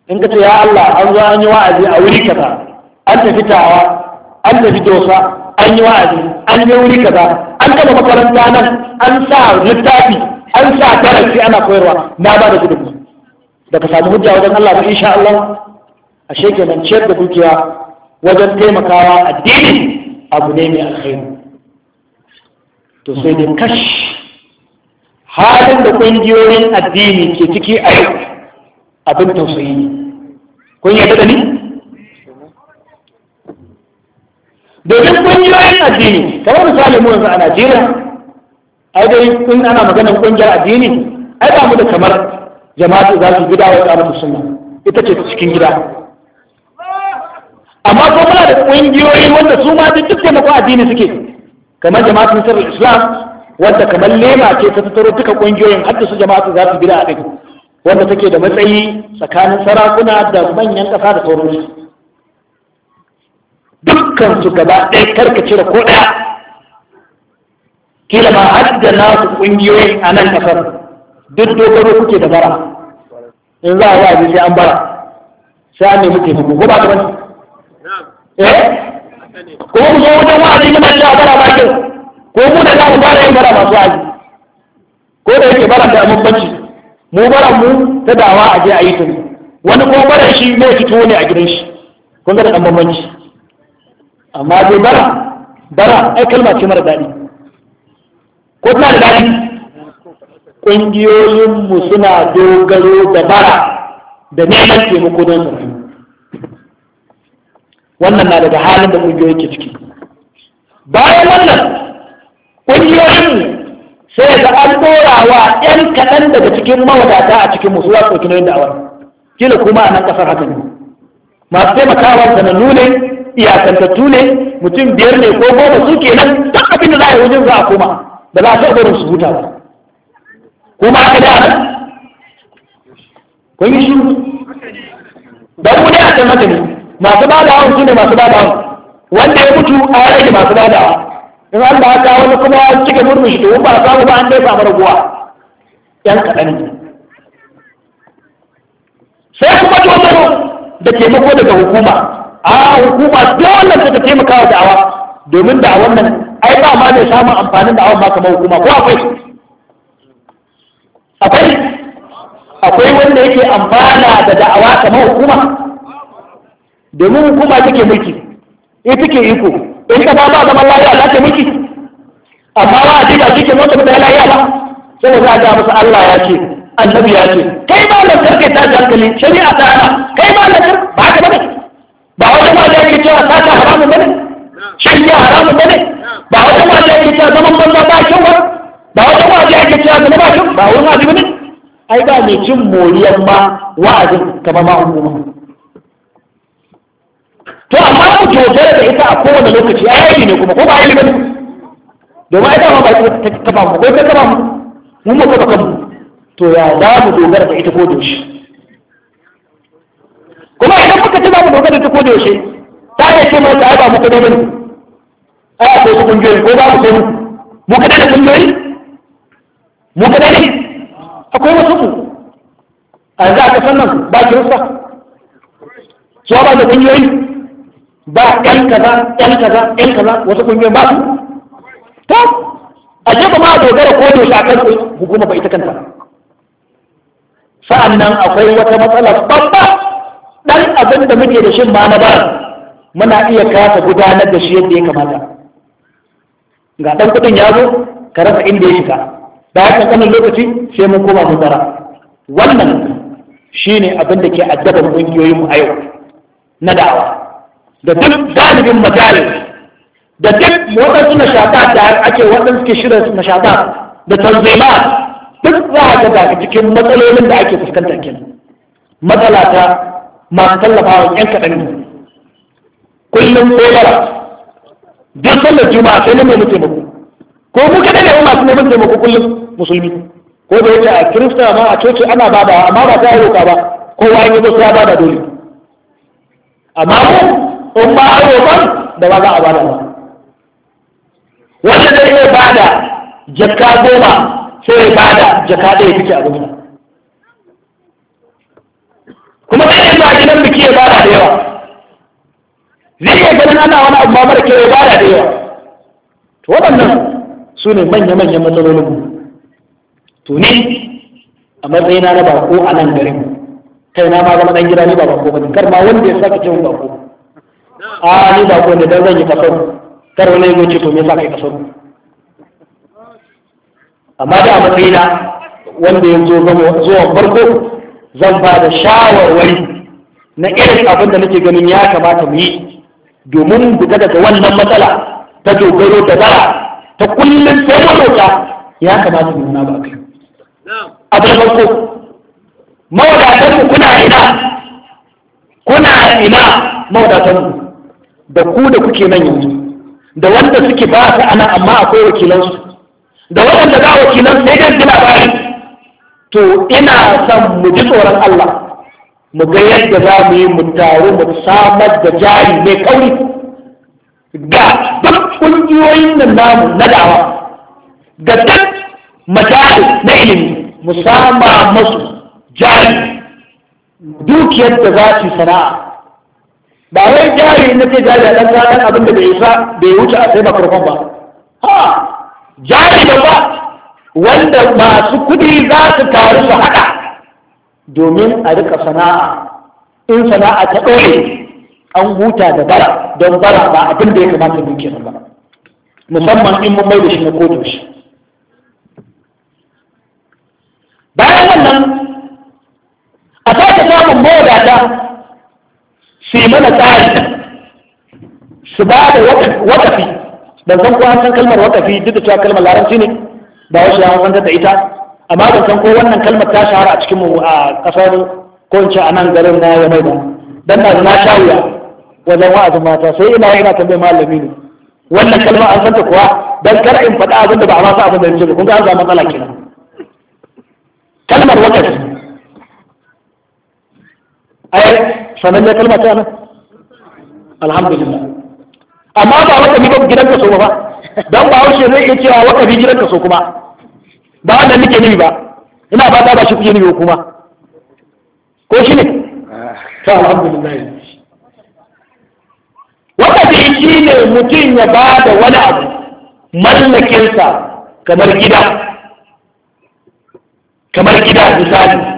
in ka ce ya Allah an zo an yi wa'azi a wuri kaza an tafi tawa an tafi dosa an yi wa'azi an yi wuri kaza an kama makaranta nan an sa littafi an sa taranci ana koyarwa na ba da gudunmu ka samu hujja wajen Allah ba insha Allah a kenan ciyar da dukiya wajen taimakawa addini abu ne mai alkhairi to sai da kash halin da ƙungiyoyin addini ke ciki a yau abin tausayi ne kun yi da ni domin ƙungiyoyin addini kamar misali mu yanzu a Najeriya ai dai in ana maganar ƙungiyar addini ai ba mu da kamar jama'a za su gida wa tsarin sunna ita ce cikin gida amma ko muna da ƙungiyoyi wanda su ma duk duk taimako addini suke kamar jama'atu sirrul islam wanda kamar lema ce ta tattaro duka ƙungiyoyin hadda su jama'atu za su bi da abin wanda take da matsayi tsakanin sarakuna da manyan ƙasa da sauransu dukkan su gaba ɗaya karka cire ko ɗaya kila ma hadda nasu kungiyoyi a nan ƙasar duk dogaro kuke da bara in za a yi sai an bara sai an nemi taimako ko ba ta wani eh ko ku zo wajen wa'azi ne cewa bara ba ke? ko mu da za mu fara yin bara masu aji? ko da yake bara da mabbaci mu bara mu ta dawa a je a yi tuni wani ko bara shi ne fito ne a gidan shi kun ga da dan bambanci amma dai bara bara ai kalma ce mara daɗi ko tana da daɗi ƙungiyoyinmu suna dogaro da bara da neman taimako don su wannan na daga halin da ƙungiyoyi ke ciki bayan wannan ƙungiyoyin sai da an ɗora wa ‘yan kaɗan daga cikin mawadata a cikin musu wasu su yadda nauyin da'awar kila kuma a nan ƙasar haka ne masu taimakawa sanannu ne iyakantattu ne mutum biyar ne ko goma su ke nan duk abin da za a yi wajen za a koma da za a taɓa su huta ba kuma aka da nan kun yi shiru da mu ne a kan magani ne masu badawan su ne masu badawan wanda ya mutu a ya rage masu badawa in an ba haka wani kuma cike cika murmushi to ba samu ba an dai samu raguwa yan kaɗan ne sai kuma dogaro da taimako daga hukuma a hukuma dole su ta taimaka wa da'awa domin da wannan ai ba ma da samun amfanin da'awa ba kamar hukuma ko akwai akwai akwai wanda yake amfana da da'awa kamar hukuma domin hukuma take mulki in take iko in ka ba zaman lafiya za ta mulki amma ba a jika shi ke mota mutane lafiya ba sai za ga musu Allah ya ce annabi ya ce kai ba da sarki ta jankali shari'a ta ana kai ba da ba ka bane ba wata ma da yake cewa ta haramun bane shari'a haramun bane ba wata ma da yake cewa zaman banza ba kyau ba ba wata ma da yake cewa zama ba kyau ba wani wajibi ne ai ba mai cin moriyar ma wa'azin kamar ma to amma ku kyautar da ita a kowane lokaci a yaƙi ne kuma ko ba yaƙi ba ne domin ita ma ba ta kafa mu ko ta kafa mu mun mu kafa mu to ya za mu dogara da ita ko da yaushe kuma idan muka ci za mu dogara da ita ko da yaushe ta ne ce mai ta ba mu da bane a ko su kungiyoyi ko ba mu so mu kadai da kungiyoyi mu kadai ne akwai wasu ku a yanzu a kasan nan ba ki rusa su ba da kungiyoyi ba ɗan kaza ɗan kaza ɗan kaza wasu kungiyoyin ba su to a jefa ma a dogara ko da shakar hukuma ba ita kanta sa'an akwai wata matsala babba ɗan abin da muke da shin ma na muna iya kasa gudanar da shi yadda ya kamata ga ɗan kuɗin ya zo ka rasa inda ya shiga da haka kanin lokaci sai mun koma mun tsara wannan shine abin da ke addaban ƙungiyoyinmu a yau na dawa. da duk dalibin majalis da duk waɗansu shata da ake waɗansu suke shirya su shata da tanzima duk za a a cikin matsalolin da ake fuskantar kenan matsala ta masu tallafawa yan kaɗan ne kullum tsobara duk sallar juma'a sai ne mu taimako ko mu kaɗai ne masu neman taimako kullum musulmi ko da yake a kirista ma a coci ana da amma ba ta yi roƙa ba kowa ya zo sai ba da dole amma mu in ba a roƙon da ba za a bada ba wanda zai iya bada jaka goma sai ya bada jaka ɗaya kike a gaba kuma zai iya ba gidan biki ya bada da yawa zai iya ganin ana wani abu ba mara kyau ya bada da yawa to waɗannan su ne manya-manyan matsalolin mu to ni a matsayina na bako a nan garin kai na ma zama ɗan gida ne ba bako ba kar ma wanda ya saka cewa bako a ni ba ko ne dan zan yi kasar kar wani ya ce to me yasa kai kasar amma da a matsayina wanda ya zo zuwa farko zan ba da shawarwari na irin abin da nake ganin ya kamata mu yi domin buga daga wannan matsala ta dogaro da zara ta kullum sai motsa, ya kamata mu na ba kai abu da farko mawadatan kuna ina kuna ina mawadatan da ku da kuke nan yanzu da wanda suke ba ta ana amma akwai wakilansu da waɗanda za wakilan sai dai su labari to ina son mu ji tsoron Allah mu ga yadda za mu yi mu taru mu samar da jari mai kauri ga duk ƙungiyoyin nan namu na dawa ga duk majalis na ilimi mu sama masu jari Duk yadda za su sana'a ba wai jari na ce jari a ɗan abin da bai bai wuce a sai makarfan ba ha jari da ba wanda masu kuɗi za su taru su haɗa domin a rika sana'a in sana'a ta ɗore an huta da bara don bara ba abin da ya kamata mu kenan ba musamman in mun mai da shi na kotu shi bayan wannan a sake samun mawadata su yi mana tsari su ba da wakafi ban san ko san kalmar wakafi duk da cewa kalmar larabci ne ba wasu yawon san da ita amma ban san ko wannan kalmar ta shahara a cikin mu a kasar ko in ce a nan garin na ya mai ba dan da na sha wuya wajen wa'azin mata sai ina yana tambaye malami ne wannan kalmar an san ta kuwa dan kar in faɗa abin da ba a masa abin da ya ba kun ga an samu matsala kenan kalmar wakafi sanan ya kalma ta nan alhamdulillah amma ba wata bi gidan ka so ba dan ba haushe zai iya cewa wata bi gidan ka so kuma ba wannan nake nufi ba ina ba ta ba shi kuke nufi kuma ko shi ne ta alhamdulillah wata bi shi ne mutum ya ba da wani abu mallakinsa kamar gida kamar gida misali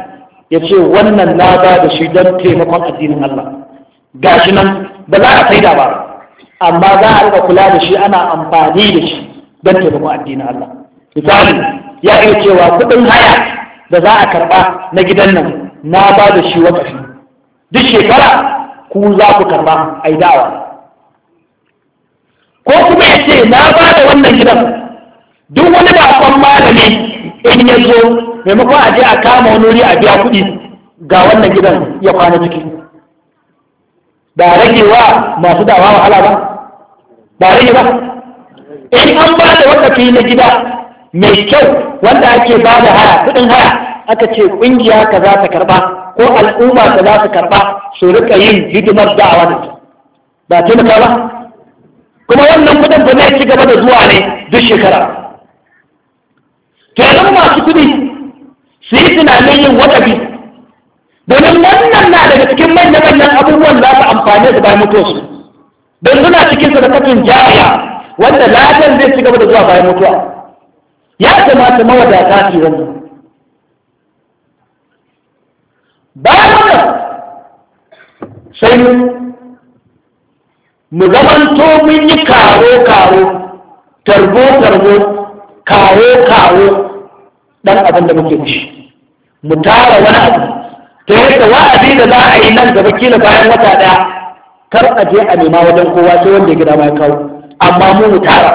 ya ce wannan na ba da shi don taimakon addinin Allah gashi nan ba za a saida ba amma za a rika kula da shi ana amfani da shi don taimakon addinin Allah misali ya iya cewa kuɗin haya da za a karɓa na gidan nan na ba da shi wakafi duk shekara ku za ku karɓa a yi da'awa ko kuma ya ce na ba da wannan gidan duk wani bakon malami in ya zo maimakon a je a kama wani wuri a biya kuɗi ga wannan gidan ya kwana ciki ba rage wa masu dawa wahala ba ba rage ba in an ba da wakafi na gida mai kyau wanda ake ba da haya kuɗin haya aka ce ƙungiya ka za ta karɓa ko al'umma ka za ta karɓa su rika yin hidimar da'awa da ba taimaka ba kuma wannan kuɗin ba zai ci gaba da zuwa ne duk shekara to yanzu masu kuɗi su yi tunanin yin bi domin wannan na daga cikin manya-manyan abubuwan za su amfani su bayan su don suna cikin sadakatun jariya wanda ladan zai ci gaba da zuwa bayan mutuwa ya kamata mawadata su Ba wannan bayan sai mu zamanto mun yi karo-karo tarbo-tarbo kawo-kawo dan abin da muke shi mu tara wani abu ta yadda wa'azi da za a yi nan gaba kila bayan wata ɗaya, kar a je a nema wajen kowa sai wanda gida ma kawo amma mu mu tara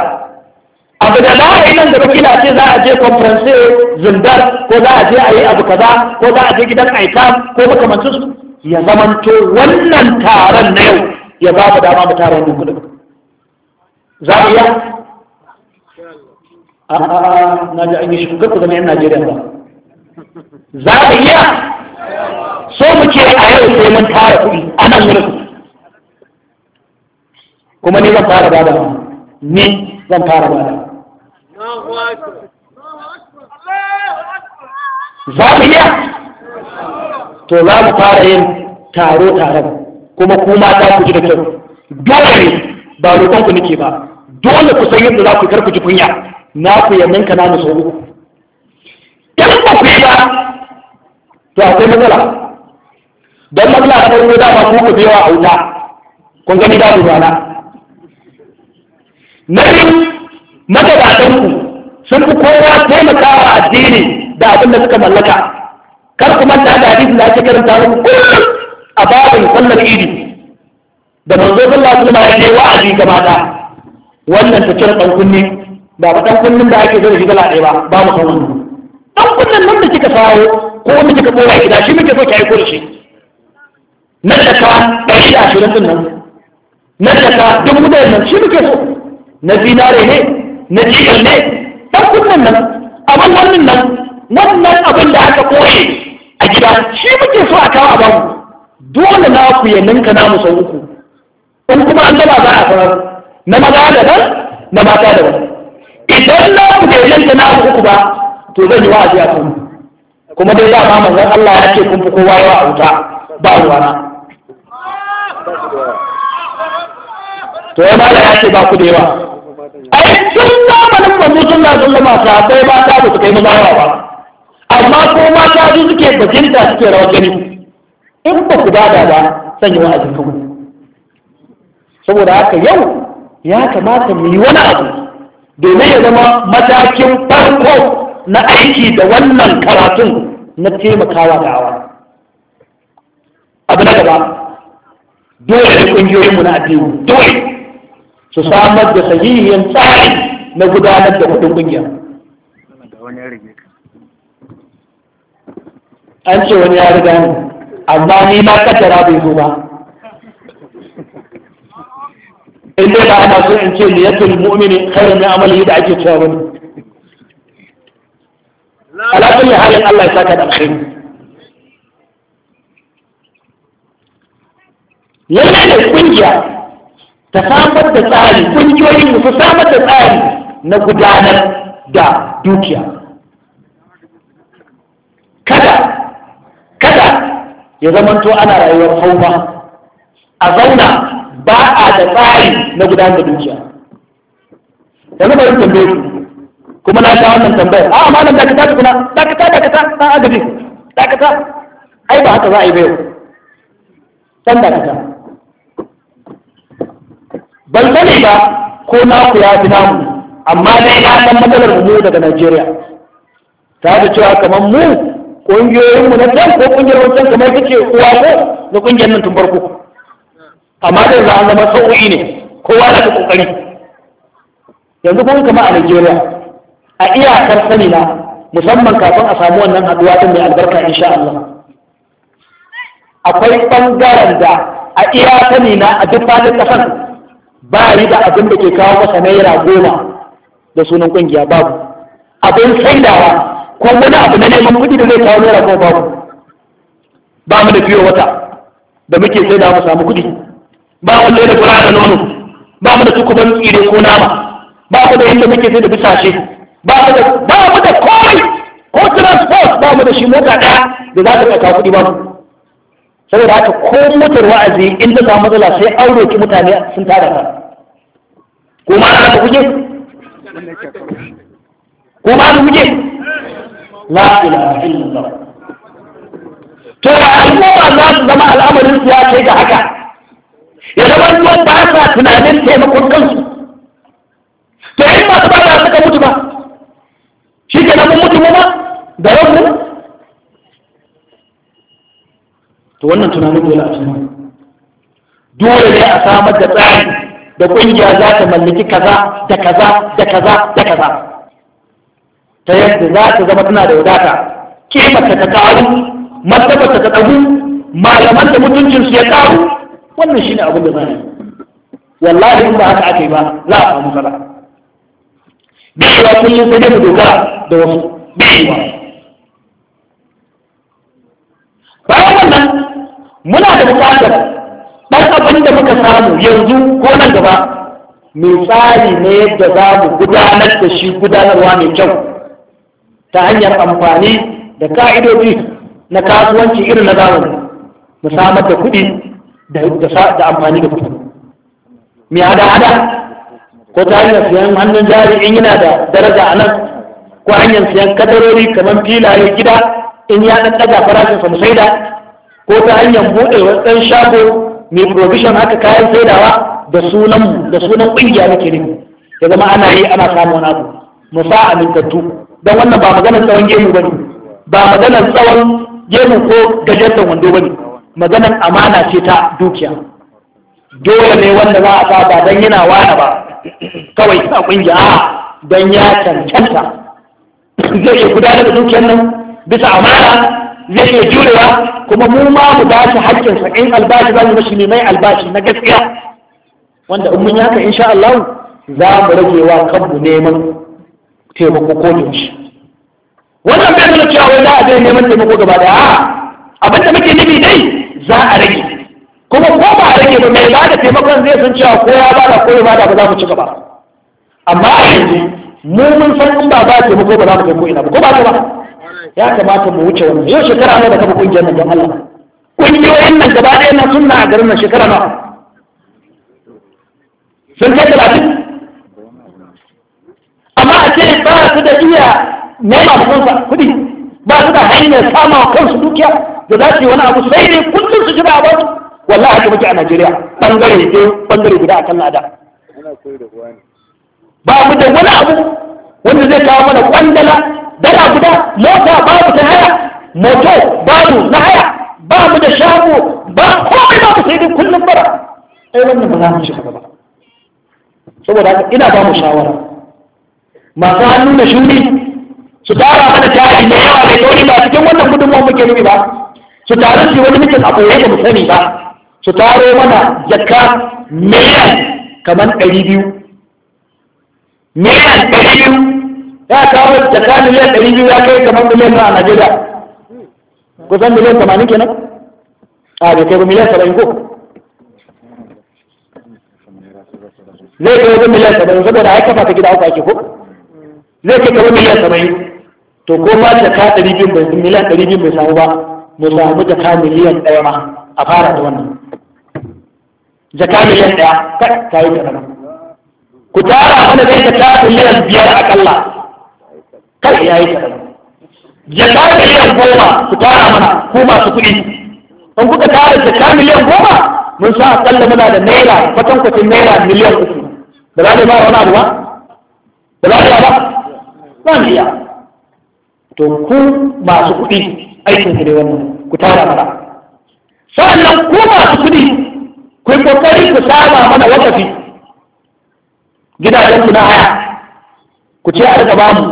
abu da za a yi nan gaba kila ce za a je conference zindar ko za a je a yi abu kaza ko za a je gidan aika ko makamancin su ya zamanto wannan taron na yau ya ba mu dama mu tara wannan kuɗin za a iya a'a na ji an yi shi ku zama yan najeriya ba za ka iya so mu ce a yau sai mun tara kuɗi a nan wurin kuma ni zan fara bada ni zan fara da za mu iya to za mu fara yin taro tare kuma kuma ta ku ji da kyau dole ne ba roƙon ku nake ba dole ku san yadda za ku kar ku ji kunya na ku yamin ka na mu so uku in ba ku yi ba to akwai matsala don matsala ta farko da ku ku biyawa a wuta kun gani da rana na biyu ku sun fi kowa taimakawa addini da abin da suka mallaka kar kuma ta da hadisi da ake karanta muku kullum a babin sallar idi da manzo sallallahu alaihi wasallam ya yi wa'azi ga mata wannan ta cire dan kunne ba ba dan kunnen da ake zai gala ɗaya ba ba mu kawo wannan dan kunnen nan da kika sawo ko wani kika tsora gida shi muke so ki aiko da shi na daga ɗari da ashirin din nan da ka dubu da nan shi muke so na zinare ne na jiyar ne ɗan nan abin wannan nan wannan abin da aka koye a gida shi muke so a kawo a bamu dole na ku ya ninka namu sau uku in kuma an gaba za a sanar na maza da nan na mata da nan idan na ku ya ninka namu uku ba to zan yi wa'azi a kanku kuma dai da ma Allah ya ce kun fi kowa yawa a wuta ba ruwana to ya mala ya ce ba ku da yawa ai tun zamanin manzo sun na sun zama ta mata ba su kai maza yawa ba amma ko mata su suke bakinta suke rawa gani in ba ku bada ba sanya wa'azin kanku saboda haka yau ya kamata mu yi wani abu domin ya zama matakin farko na aiki da wannan karatun na taimakawa da'awa abu na gaba dole ne kungiyoyinmu na addini dole su samar da sahihiyan tsari na gudanar da kudin kungiya an ce wani ya riga ni amma ni ma kaddara bai zo ba in dai ba ana so in ce liyatul mu'mini khairu min amalihi da ake cewa wani ala kulli halin Allah ya saka da alheri Yana da kungiya ta samar da tsari kungiyoyin su samar da tsari na gudanar da dukiya kada kada ya zamanto ana rayuwar hauma a zauna ba a da tsari na gudanar da dukiya yanzu bari tambaye ku kuma na ta wannan tambaya a amma nan dakata, tukuna da ka dakata.' ta agaji ai ba haka za a yi bayo san dakata ban sani ba ko na ku ya fi namu amma dai na san matsalar mu daga Najeriya ta da cewa kamar mu ƙungiyoyinmu na can ko ƙungiyar wancan kamar ta uwa ko na ƙungiyar nan tun farko amma da za a zama sau'i ne kowa na da ƙoƙari yanzu kuma kama a Najeriya a iyakar sanina musamman kafin a samu wannan haɗuwa din mai albarka insha Allah akwai bangaren da a iya sanina a duk fadin kasar ba yi da abin da ke kawo masa naira goma da sunan kungiya babu abin saidawa ko wani abu na neman kuɗi da zai kawo naira goma babu ba mu da fiye wata da muke saidawa mu samu kuɗi ba mu da fura da nono ba mu da tukuban tsire ko nama ba mu da yadda muke sai da bisashe ba mu da komai ko transport ba mu da shi mota ɗaya da za ta ɗauka kuɗi ba saboda haka ko motar wa'azi in ta samu matsala sai an roƙi mutane sun tada ta ko ma ana ta kuje ko ma ana kuje la ilaha illallah to ba al'umma za su zama al'amarin su ya kai ga haka ya zama ruwan ba sa tunanin taimakon kansu to in su ba ka mutu ba shi ke nan mutu mu ba da rabu to wannan tunanin dole a cikin dole ne a samar da tsari da kungiya za ta mallaki kaza da kaza da kaza da kaza ta yadda za ta zama tana da wadata kimarta ta karu martabarta ta ɗagu malaman da mutuncinsu ya karu wannan shine abin da za a yi wallahi in ba haka ake ba za a samu matsala bishewa kullum sai dai mu da wasu bishewa bayan wannan muna da bukatar ɗan abin da muka samu yanzu ko nan gaba mai tsari ne da za mu gudanar da shi gudanarwa mai kyau ta hanyar amfani da ka'idoji na kasuwanci irin na zamani mu samar da kuɗi da amfani da kuɗi mai hada-hada ko ta hanyar siyan hannun jari in yana da daraja a nan ko hanyar siyan kadarori kamar filaye gida in ya ɗan ɗaga farashin sa musaida ko ta hanyar buɗe ɗan shago mai provision haka kayan saidawa da sunan da sunan ƙungiya nake nufi ya zama ana yi ana samun abu mu sa amintattu don wannan ba maganar tsawon gemu ba ne ba maganar tsawon gemu ko gajartar wando ba ne maganar amana ce ta dukiya dole ne wanda za a sa ba don yana wada ba kawai sa kungiya don ya cancanta zai iya gudanar da dukiyar nan bisa amana zai iya jurewa kuma mu ma mu ba shi haƙƙinsa in albashi za mu mashi mai albashi na gaskiya wanda in mun yi haka insha Allah za mu rage wa kanmu neman taimako ko shi wannan bai nuna cewa wai za a je neman taimako gaba da abin da muke nufi dai za a rage kuma ko ba rage ba mai bada taimakon zai san cewa ko ya bada ko ya bada ba za mu ci gaba amma a yanzu mu mun san in ba ba taimako ba za mu taimako ina ba ko ba ba ya kamata mu wuce wannan yau shekara ne da kafa kungiyar nan don Allah kungiyoyin nan gaba ɗaya na sunna a garin nan shekara na sun kai talatin amma a ce ba su da iya nema da kansa kuɗi ba su da hanyar sama kansu dukiya da za su yi wani abu sai ne kullum su ji ba a ba su wallahi haka muke a Najeriya bangare ɗaya bangare guda akan lada ba mu da wani abu wanda zai kawo mana kwandala dala guda mota babu ta haya moto babu na haya ba mu da shago ba komai ba ku sai dai kullum bara ai wannan ba za mu shiga ba saboda haka ina ba mu shawara masu hannu da shuri su tara mana tari mai yawa mai tauri ba cikin wannan gudunmuwa muke nufi ba su taru su wani mutum a koyar da mu sani ba su taro mana zakka miliyan kamar ɗari biyu miliyan ɗari biyu ya kawo zakka miliyan ɗari biyu ya kai kamar miliyan na najeriya kusan miliyan tamanin kenan a bai kai ba miliyan saba'in ko zai kai wajen miliyan saba'in saboda ai kafa ta gida uku ake ko zai kai kamar miliyan saba'in to ko ma zakka ɗari biyu miliyan ɗari biyu bai samu ba mu samu zakka miliyan ɗaya ma a fara da wannan jaka miliyan ɗaya kar ta yi kaɗan ku tara mana zai ta jaka miliyan biyar a kalla kar ya yi kaɗan jaka miliyan goma ku tara mana ku masu kuɗi in kuka tara jaka miliyan goma mun sa akalla muna da naira kwatan naira miliyan uku da za mu ba wani abu ba da za mu ba ba mu iya to ku masu kuɗi aikin ku ne wannan ku tara mana sa'annan ku masu kuɗi ku kokari ku saba mana wakafi gidajen ku na haya ku ce arka ba bamu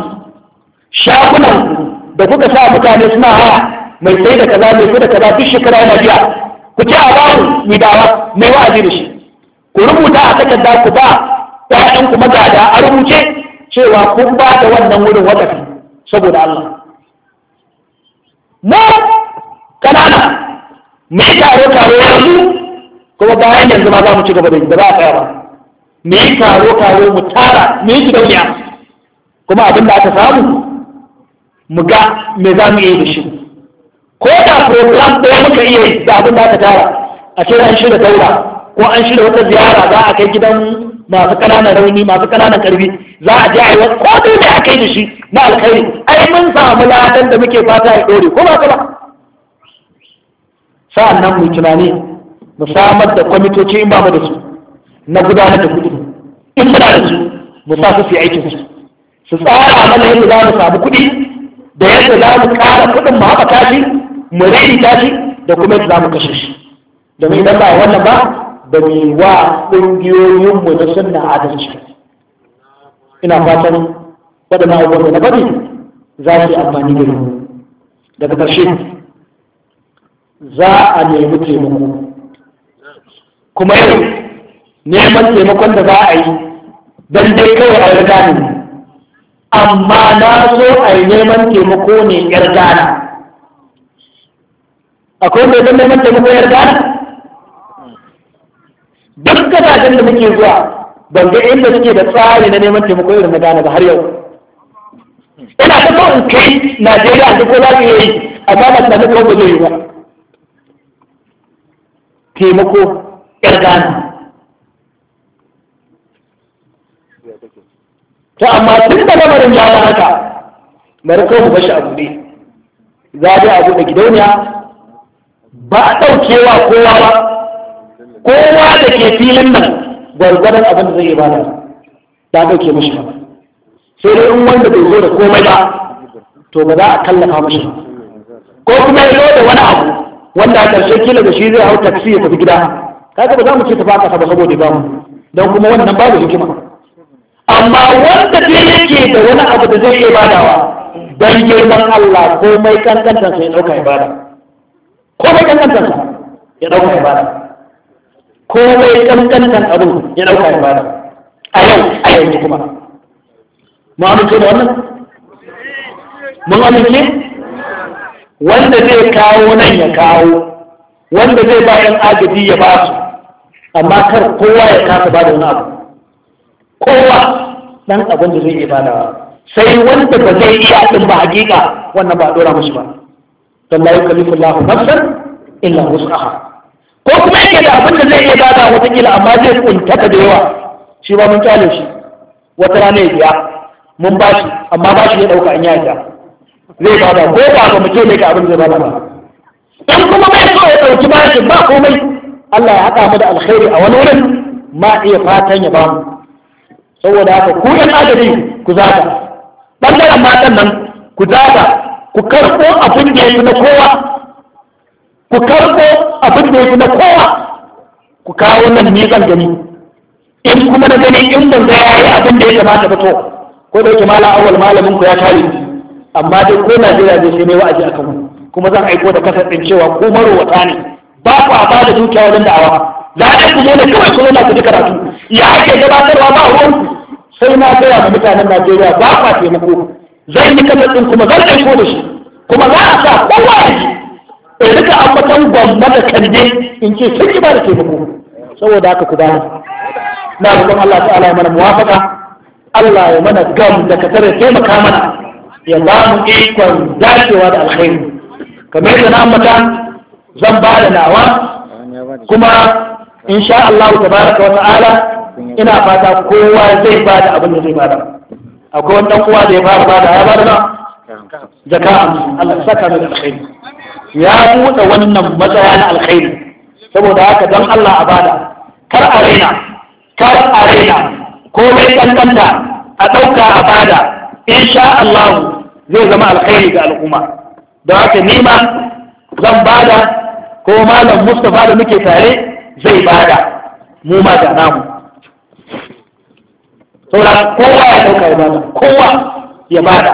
shagunan da kuka sa mutane suna haya mai sai da kaza mai kuda kaza duk shekara yana biya ku ce a bamu mu dawa mai wa'azi da shi ku rubuta a takarda ku ba ƴaƴan ku magada a rubuce cewa kun ba da wannan wurin wakafi saboda Allah mu kanana mai taro taro yanzu kuma bayan yanzu ma za mu ci gaba da ba za a tsaya ba me yi karo karo mu tara me yi ya, kuma abin da aka samu mu ga me za mu iya da shi ko da program ɗaya muka iya da abin da aka tara a ce an shirya daura ko an shirya wata ziyara za a kai gidan masu ƙananan rauni masu ƙananan ƙarfi za a je a yi wasu ko dai a kai da shi na alkhairi ai mun samu ladan da muke fata ya ɗore ko ba ka ba sa'an nan mu tunani mu samar da kwamitoci in ba da su na gudanar da kuɗi in muna da su mu sa su su aikin su su tsara mana yadda za mu samu kuɗi da yadda za mu kara kuɗin mu haka tashi mu rai tashi da kuma yadda za mu kashe shi domin idan ba wannan ba ba mu wa mu da sunna adalci ina fatan waɗannan abubuwan na bari za su yi amfani da mu daga ƙarshe za a nemi taimako kuma yau neman taimakon da za a yi don dai kawai a yarda ne amma na so a yi neman taimako ne yarda na, akwai mai don neman taimako yarda na duk kasashen da muke zuwa ban ga inda suke da tsari na neman taimako irin na ba har yau ina ta kawai ke kai najeriya duk ko za yi amma ba sami da ba zai yi ba taimako yar to amma tun da lamarin ya yi haka narko mu bashi abu ne za a abu da gidauniya ba a ɗaukewa kowa ba kowa da ke filin nan gwargwadon abin da zai ba da ta ɗauke mashi ba sai dai in wanda bai zo da komai ba to ba za a tallafa mashi ba ko kuma ya zo da wani abu wanda a ƙarshe kila da shi zai hau taksi ya tafi gida kaga ba za mu ce tafi aka ba saboda ba don kuma wannan babu hikima amma wanda da yake da wani abu da zai iya badawa don girman Allah ko mai kankantar sai dauka ibada ko mai kankantar ya dauka ibada ko mai kankantar abu ya dauka ibada a yau a yau kuma mu amince da wannan mun amince wanda zai kawo nan ya kawo wanda zai ba ɗan agaji ya ba su amma kar kowa ya kasa ba da wani abu kowa dan abin da zai iya badawa sai wanda ba zai iya din ba hakika wannan ba dora musu ba dan la yukallifu Allahu nafsan illa wus'aha ko kuma yake da abin da zai iya da wata kila amma zai kuntata da yawa shi ba mun kyale shi wata rana ya biya mun ba shi amma ba shi ya dauka an yaya zai bada ko ba ka mutum ne ka abin da zai bada ba dan kuma bai so ya dauki bashin ba komai Allah ya haɗa mu da alkhairi a wani wurin ma iya fatan ya bamu saboda haka ku ɗan adadi ku zaɓa ɓangaren matan nan ku zaɓa ku karɓo abin da na kowa ku karɓo abin da na kowa ku kawo nan ni zan gani in kuma na gani in ban ga yayi abin da ya kamata ba to ko da yake malam awwal malamin ku ya kare amma dai ko Najeriya zai sai ne wa'azi akan kuma zan aiko da kasar din cewa ku marowata ne ba ku a ba da dukiya wajen da'awa da ake ku ne kawai suna na ku karatu ya ake gabatarwa ba ruwan sai na gaya ma mutanen Najeriya ba ku a taimako zai yi kamar ɗin kuma zan aiko da shi kuma za a sa kowa da shi duka rika ambatan gwamna da kande in ce sun yi ba da taimako saboda haka ku bayar na roƙon Allah ta'ala mana muwafaka Allah ya mana gam da ka tare taimaka mana ya ba mu ikon dacewa da alkhairi kamar yadda na ambata zan ba da nawa kuma insha Allah tabaraka wa ta'ala ina fata kowa zai ba da abin da zai ba da akwai wani dan uwa da ya fara ba da ya ba da zaka Allah saka da alkhairi ya buɗe wannan matsaya na alkhairi saboda haka dan Allah a bada kar a raina kar a raina komai kankanta a ɗauka a bada insha Allah zai zama alkhairi ga al'umma da haka nima zan bada ko malam Mustapha da muke tare zai bada mu ma da namu saboda kowa ya dauka ya bada kowa ya bada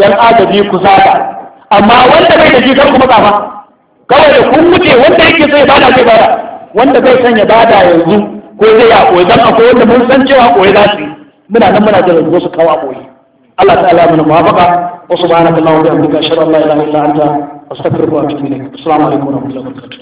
yan agaji ku zaba amma wanda bai da shi kan kuma tsafa kawai da kun wuce wanda yake zai bada zai bada wanda bai san ya bada yanzu ko zai ya koyi zan akwai wanda mun san cewa koyi za su yi muna nan muna jiran su kawo koyi Allah ta'ala mana mafaka wa subhanaka allahumma wa bihamdika ashhadu an la ilaha illa anta أستغفر الله وأتوب إليه السلام عليكم ورحمة الله وبركاته